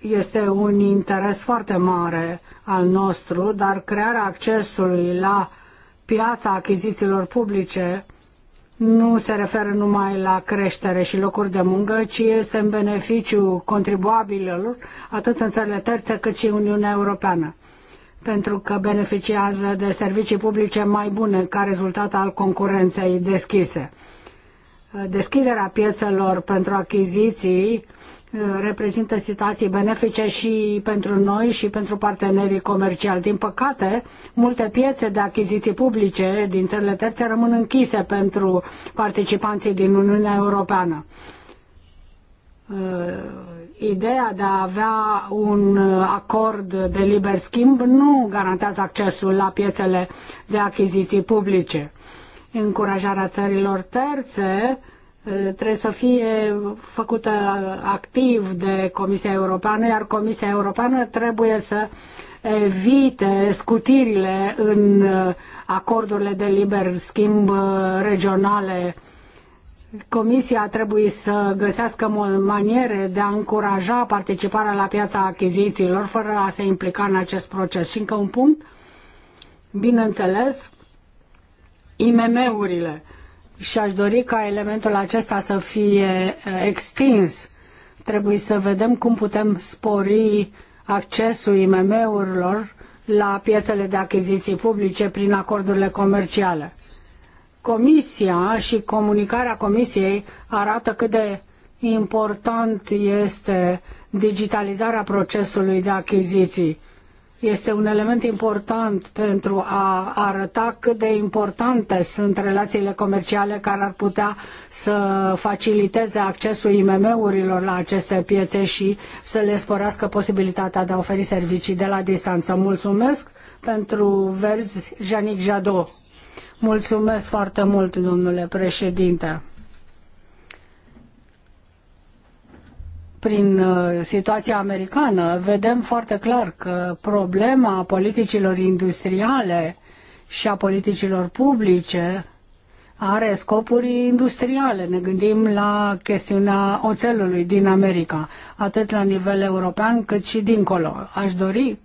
este un interes foarte mare al nostru, dar crearea accesului la piața achizițiilor publice nu se referă numai la creștere și locuri de muncă, ci este în beneficiu contribuabililor, atât în țările terțe cât și Uniunea Europeană pentru că beneficiază de servicii publice mai bune ca rezultat al concurenței deschise. Deschiderea piețelor pentru achiziții uh, reprezintă situații benefice și pentru noi și pentru partenerii comerciali. Din păcate, multe piețe de achiziții publice din țările terțe rămân închise pentru participanții din Uniunea Europeană. Uh, ideea de a avea un uh, acord de liber schimb nu garantează accesul la piețele de achiziții publice. Încurajarea țărilor terțe uh, trebuie să fie făcută activ de Comisia Europeană, iar Comisia Europeană trebuie să evite scutirile în acordurile de liber schimb regionale Comisia trebuie să găsească maniere de a încuraja participarea la piața achizițiilor fără a se implica în acest proces. Și încă un punct, bineînțeles, IMM-urile. Și aș dori ca elementul acesta să fie extins. Trebuie să vedem cum putem spori accesul IMM-urilor la piețele de achiziții publice prin acordurile comerciale Comisia și comunicarea Comisiei arată cât de important este digitalizarea procesului de achiziții. Este un element important pentru a arăta cât de importante sunt relațiile comerciale care ar putea să faciliteze accesul IMM-urilor la aceste piețe și să le sporească posibilitatea de a oferi servicii de la distanță. Mulțumesc pentru verzi, Janic Jadot. Mulțumesc foarte mult, domnule președinte. Prin uh, situația americană vedem foarte clar că problema politicilor industriale și a politicilor publice are scopuri industriale. Ne gândim la chestiunea oțelului din America, atât la nivel european cât și dincolo. Aș dori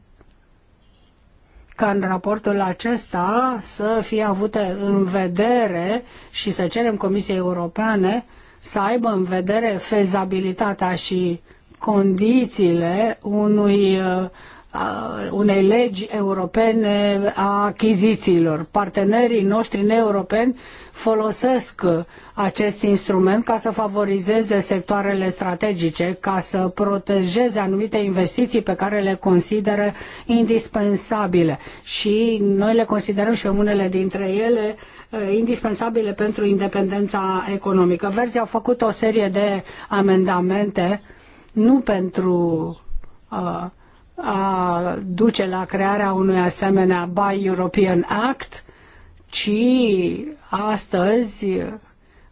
ca în raportul acesta să fie avute în vedere și să cerem Comisiei Europene să aibă în vedere fezabilitatea și condițiile unui unei legi europene a achizițiilor. Partenerii noștri neeuropeni folosesc acest instrument ca să favorizeze sectoarele strategice, ca să protejeze anumite investiții pe care le consideră indispensabile. Și noi le considerăm și unele dintre ele indispensabile pentru independența economică. Verzii au făcut o serie de amendamente nu pentru uh, a duce la crearea unui asemenea Buy European Act, ci astăzi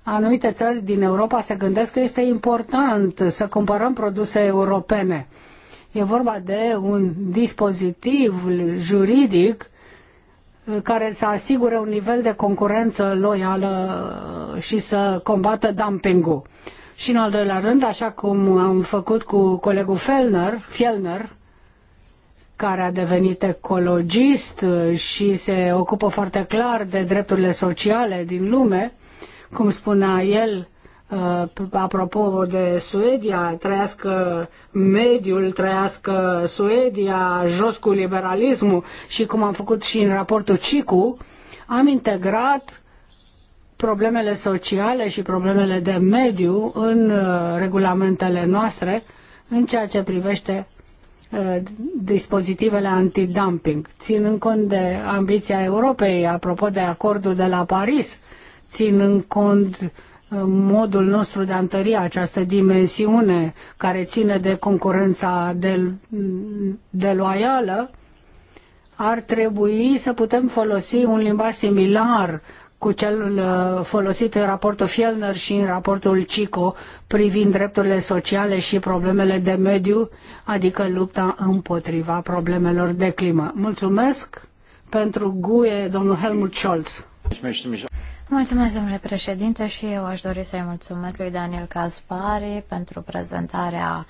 anumite țări din Europa se gândesc că este important să cumpărăm produse europene. E vorba de un dispozitiv juridic care să asigure un nivel de concurență loială și să combată dumpingul. Și în al doilea rând, așa cum am făcut cu colegul Fellner, Fjellner, care a devenit ecologist și se ocupă foarte clar de drepturile sociale din lume, cum spunea el, uh, apropo de Suedia, trăiască mediul, trăiască Suedia, jos cu liberalismul și cum am făcut și în raportul CICU, am integrat problemele sociale și problemele de mediu în uh, regulamentele noastre în ceea ce privește Uh, dispozitivele antidumping, ținând cont de ambiția Europei, apropo de acordul de la Paris, ținând cont uh, modul nostru de a întări această dimensiune care ține de concurența de, de ar trebui să putem folosi un limbaj similar cu cel uh, folosit în raportul Fielner și în raportul CICO privind drepturile sociale și problemele de mediu, adică lupta împotriva problemelor de climă. Mulțumesc pentru guie, domnul Helmut Scholz. Mulțumesc, domnule președinte, și eu aș dori să-i mulțumesc lui Daniel Caspari pentru prezentarea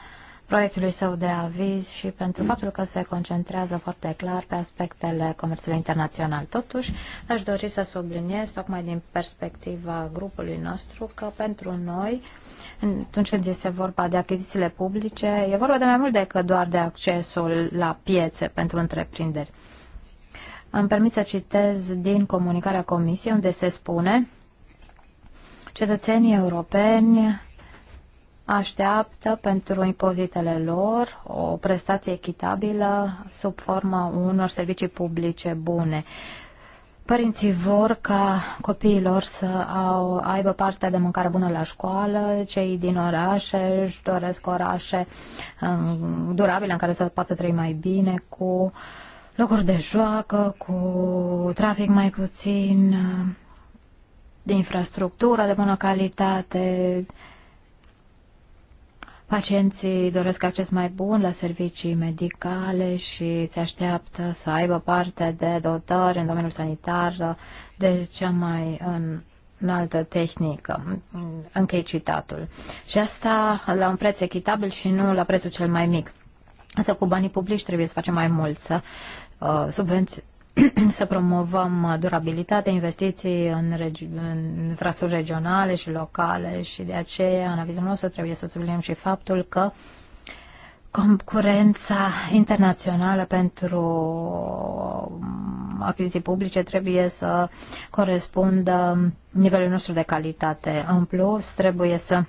proiectului său de aviz și pentru faptul că se concentrează foarte clar pe aspectele comerțului internațional. Totuși, aș dori să subliniez, tocmai din perspectiva grupului nostru, că pentru noi, atunci când este vorba de achizițiile publice, e vorba de mai mult decât doar de accesul la piețe pentru întreprinderi. Îmi permit să citez din comunicarea Comisiei, unde se spune Cetățenii europeni așteaptă pentru impozitele lor o prestație echitabilă sub forma unor servicii publice bune. Părinții vor ca copiilor să au, aibă parte de mâncare bună la școală, cei din orașe își doresc orașe durabile în care să poată trăi mai bine, cu locuri de joacă, cu trafic mai puțin, de infrastructură de bună calitate, Pacienții doresc acces mai bun la servicii medicale și se așteaptă să aibă parte de dotări în domeniul sanitar de cea mai în înaltă tehnică. Închei citatul. Și asta la un preț echitabil și nu la prețul cel mai mic. Însă cu banii publici trebuie să facem mai mult, să uh, subvenționăm să promovăm durabilitatea investiții în, regi- în infrastructuri regionale și locale și de aceea, în avizul nostru, trebuie să subliniem și faptul că concurența internațională pentru achiziții publice trebuie să corespundă nivelul nostru de calitate. În plus, trebuie să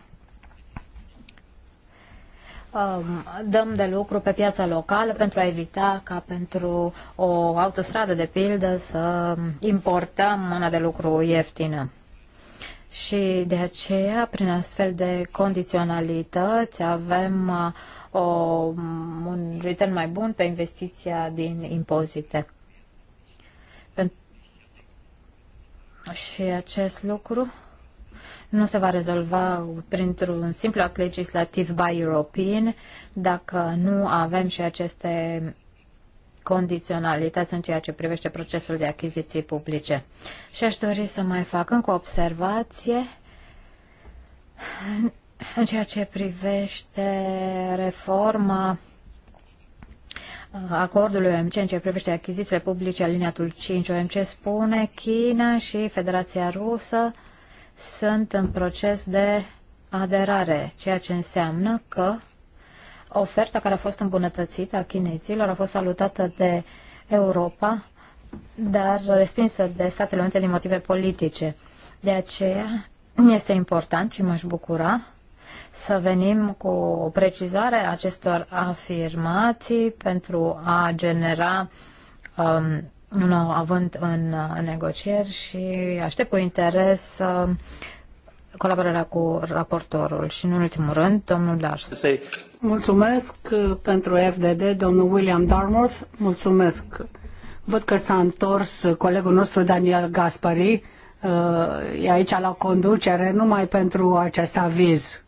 Um, dăm de lucru pe piața locală pentru a evita ca pentru o autostradă, de pildă, să importăm mâna de lucru ieftină. Și de aceea, prin astfel de condiționalități, avem uh, o, un return mai bun pe investiția din impozite. și acest lucru nu se va rezolva printr-un simplu act legislativ by European dacă nu avem și aceste condiționalități în ceea ce privește procesul de achiziții publice. Și aș dori să mai fac încă o observație în ceea ce privește reforma acordului OMC în ce privește achizițiile publice, aliniatul 5 OMC spune China și Federația Rusă sunt în proces de aderare, ceea ce înseamnă că oferta care a fost îmbunătățită a chineților a fost salutată de Europa, dar respinsă de Statele Unite din motive politice. De aceea este important și m-aș bucura să venim cu o precizare acestor afirmații pentru a genera um, nu având avânt în, negocieri și aștept cu interes uh, colaborarea cu raportorul și, în ultimul rând, domnul Lars. Mulțumesc uh, pentru FDD, domnul William Dartmouth. Mulțumesc. Văd că s-a întors uh, colegul nostru Daniel Gaspari. E aici la conducere numai pentru acest aviz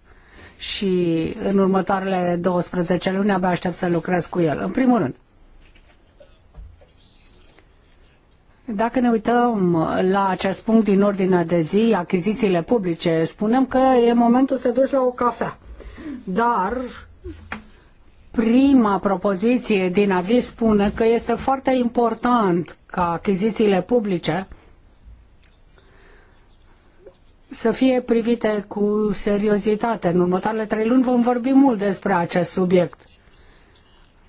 și în următoarele 12 luni abia aștept să lucrez cu el. În primul rând, Dacă ne uităm la acest punct din ordinea de zi, achizițiile publice, spunem că e momentul să duci la o cafea. Dar prima propoziție din aviz spune că este foarte important ca achizițiile publice să fie privite cu seriozitate. În următoarele trei luni vom vorbi mult despre acest subiect.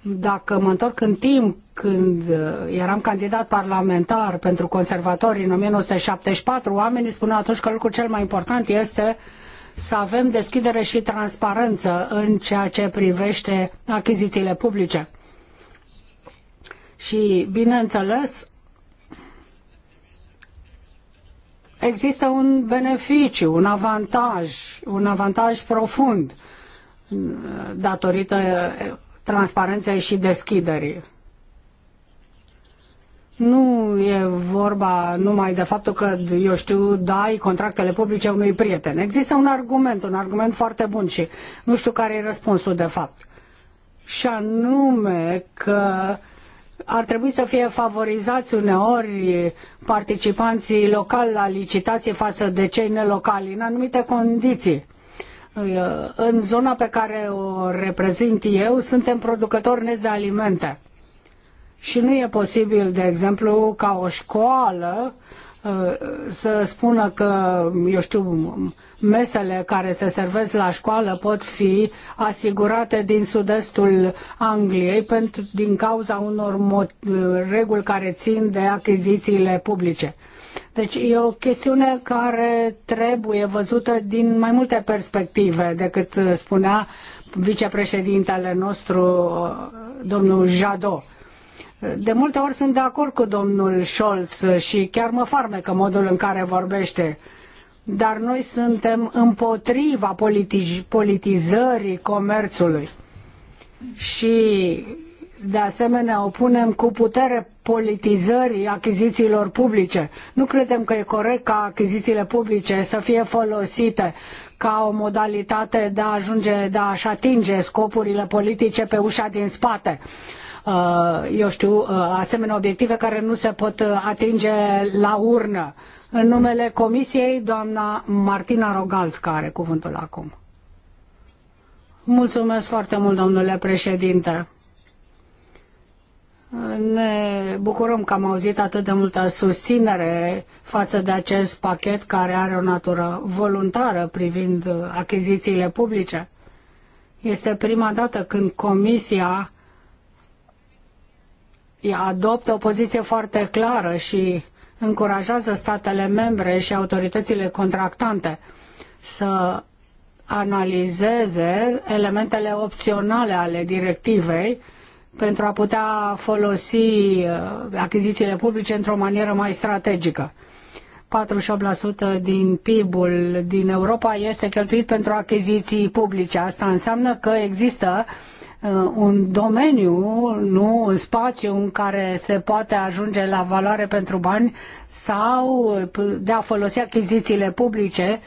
Dacă mă întorc în timp, când uh, eram candidat parlamentar pentru conservatori în 1974, oamenii spuneau atunci că lucrul cel mai important este să avem deschidere și transparență în ceea ce privește achizițiile publice. Și, bineînțeles, există un beneficiu, un avantaj, un avantaj profund uh, datorită uh, transparenței și deschiderii. Nu e vorba numai de faptul că, eu știu, dai contractele publice unui prieten. Există un argument, un argument foarte bun și nu știu care e răspunsul de fapt. Și anume că ar trebui să fie favorizați uneori participanții locali la licitație față de cei nelocali în anumite condiții. Păi, uh, în zona pe care o reprezint eu, suntem producători nezi de alimente. Și nu e posibil, de exemplu, ca o școală uh, să spună că, eu știu, mesele care se servesc la școală pot fi asigurate din sud-estul Angliei pentru, din cauza unor mod, uh, reguli care țin de achizițiile publice. Deci e o chestiune care trebuie văzută din mai multe perspective decât uh, spunea vicepreședintele nostru, uh, domnul Jadot. De multe ori sunt de acord cu domnul Scholz și chiar mă farmecă modul în care vorbește dar noi suntem împotriva politizării comerțului. Și de asemenea, opunem cu putere politizării achizițiilor publice. Nu credem că e corect ca achizițiile publice să fie folosite ca o modalitate de a ajunge, de a-și atinge scopurile politice pe ușa din spate. Uh, eu știu, uh, asemenea obiective care nu se pot uh, atinge la urnă. În numele Comisiei, doamna Martina Rogalska are cuvântul acum. Mulțumesc foarte mult, domnule președinte. Ne bucurăm că am auzit atât de multă susținere față de acest pachet care are o natură voluntară privind achizițiile publice. Este prima dată când Comisia adoptă o poziție foarte clară și încurajează statele membre și autoritățile contractante să analizeze elementele opționale ale directivei pentru a putea folosi uh, achizițiile publice într-o manieră mai strategică. 48% din PIB-ul din Europa este cheltuit pentru achiziții publice. Asta înseamnă că există uh, un domeniu, nu un spațiu în care se poate ajunge la valoare pentru bani sau uh, de a folosi achizițiile publice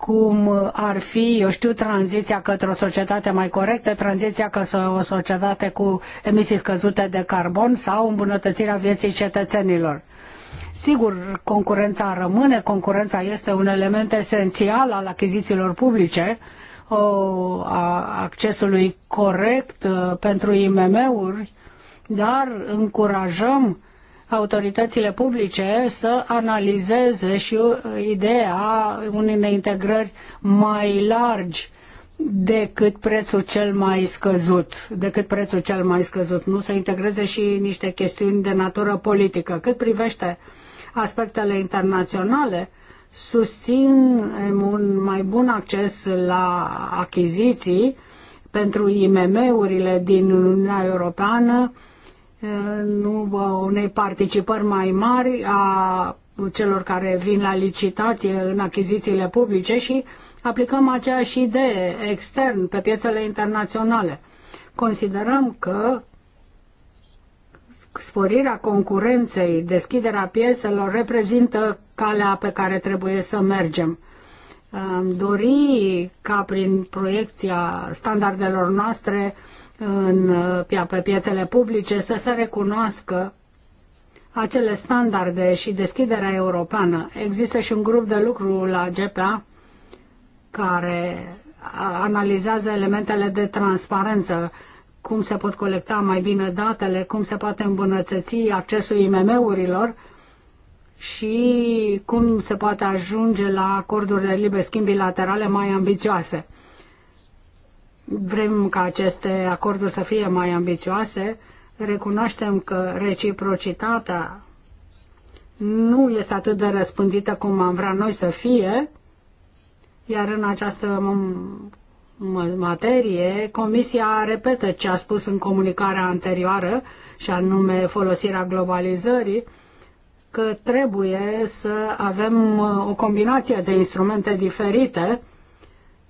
cum ar fi, eu știu, tranziția către o societate mai corectă, tranziția către o societate cu emisii scăzute de carbon sau îmbunătățirea vieții cetățenilor. Sigur, concurența rămâne, concurența este un element esențial al achizițiilor publice, a accesului corect uh, pentru IMM-uri, dar încurajăm autoritățile publice să analizeze și uh, ideea unei integrări mai largi decât prețul cel mai scăzut, decât prețul cel mai scăzut, nu să integreze și niște chestiuni de natură politică. Cât privește aspectele internaționale, susțin un mai bun acces la achiziții pentru IMM-urile din Uniunea Europeană, nu unei participări mai mari a celor care vin la licitație în achizițiile publice și aplicăm aceeași idee extern pe piețele internaționale. Considerăm că sporirea concurenței, deschiderea pieselor reprezintă calea pe care trebuie să mergem. Am dori ca prin proiecția standardelor noastre în, pe piețele publice să se recunoască acele standarde și deschiderea europeană. Există și un grup de lucru la GPA care analizează elementele de transparență, cum se pot colecta mai bine datele, cum se poate îmbunătăți accesul IMM-urilor și cum se poate ajunge la acorduri de liber schimb bilaterale mai ambițioase. Vrem ca aceste acorduri să fie mai ambițioase. Recunoaștem că reciprocitatea nu este atât de răspândită cum am vrea noi să fie, iar în această materie, Comisia repetă ce a spus în comunicarea anterioară, și anume folosirea globalizării, că trebuie să avem uh, o combinație de instrumente diferite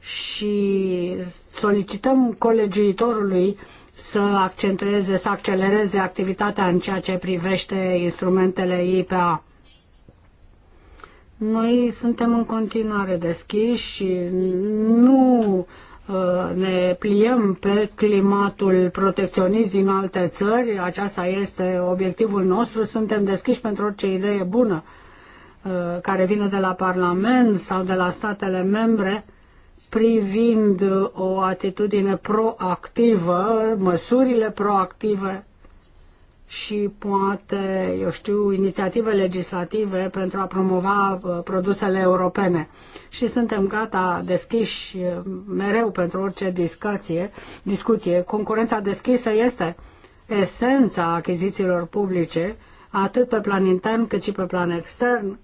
și solicităm colegiuitorului să accentueze, să accelereze activitatea în ceea ce privește instrumentele IPA. Noi suntem în continuare deschiși și nu uh, ne pliem pe climatul protecționist din alte țări. Aceasta este obiectivul nostru. Suntem deschiși pentru orice idee bună uh, care vine de la Parlament sau de la statele membre privind uh, o atitudine proactivă, măsurile proactive și poate, eu știu, inițiative legislative pentru a promova uh, produsele europene. Și suntem gata, deschiși uh, mereu pentru orice discuție. discuție. Concurența deschisă este esența achizițiilor publice, atât pe plan intern cât și pe plan extern,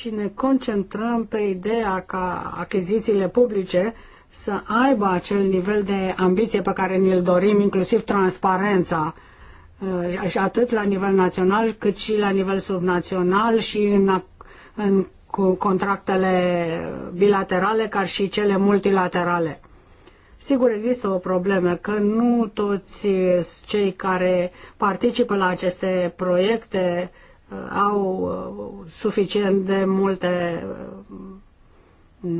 și ne concentrăm pe ideea ca achizițiile publice să aibă acel nivel de ambiție pe care ne-l dorim, inclusiv transparența, uh, și atât la nivel național cât și la nivel subnațional și în, în cu contractele bilaterale ca și cele multilaterale. Sigur, există o problemă că nu toți cei care participă la aceste proiecte Uh, au uh, suficient de multe uh,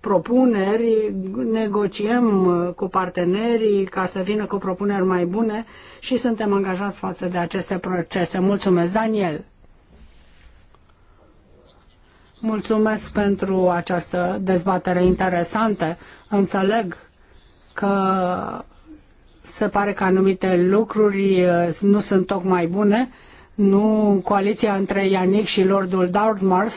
propuneri, negociem cu partenerii ca să vină cu propuneri mai bune și suntem angajați față de aceste procese. Mulțumesc, Daniel! Mulțumesc pentru această dezbatere interesantă. Înțeleg că se pare că anumite lucruri nu sunt tocmai bune, nu coaliția între Ianic și Lordul Dartmouth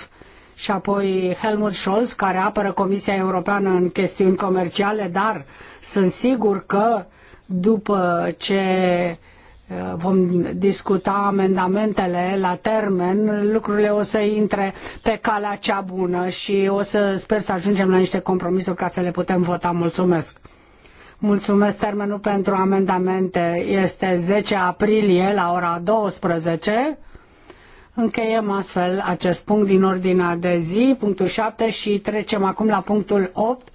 și apoi Helmut Scholz, care apără Comisia Europeană în chestiuni comerciale, dar sunt sigur că după ce uh, vom discuta amendamentele la termen, lucrurile o să intre pe calea cea bună și o să sper să ajungem la niște compromisuri ca să le putem vota. Mulțumesc! Mulțumesc, termenul pentru amendamente este 10 aprilie la ora 12. Încheiem astfel acest punct din ordinea de zi, punctul 7 și trecem acum la punctul 8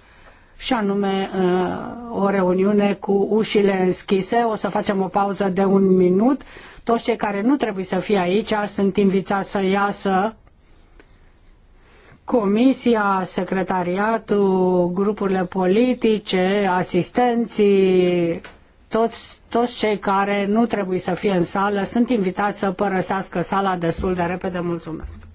și anume uh, o reuniune cu ușile înschise. O să facem o pauză de un minut. Toți cei care nu trebuie să fie aici sunt invitați să iasă Comisia, secretariatul, grupurile politice, asistenții, toți, toți cei care nu trebuie să fie în sală sunt invitați să părăsească sala destul de repede. Mulțumesc!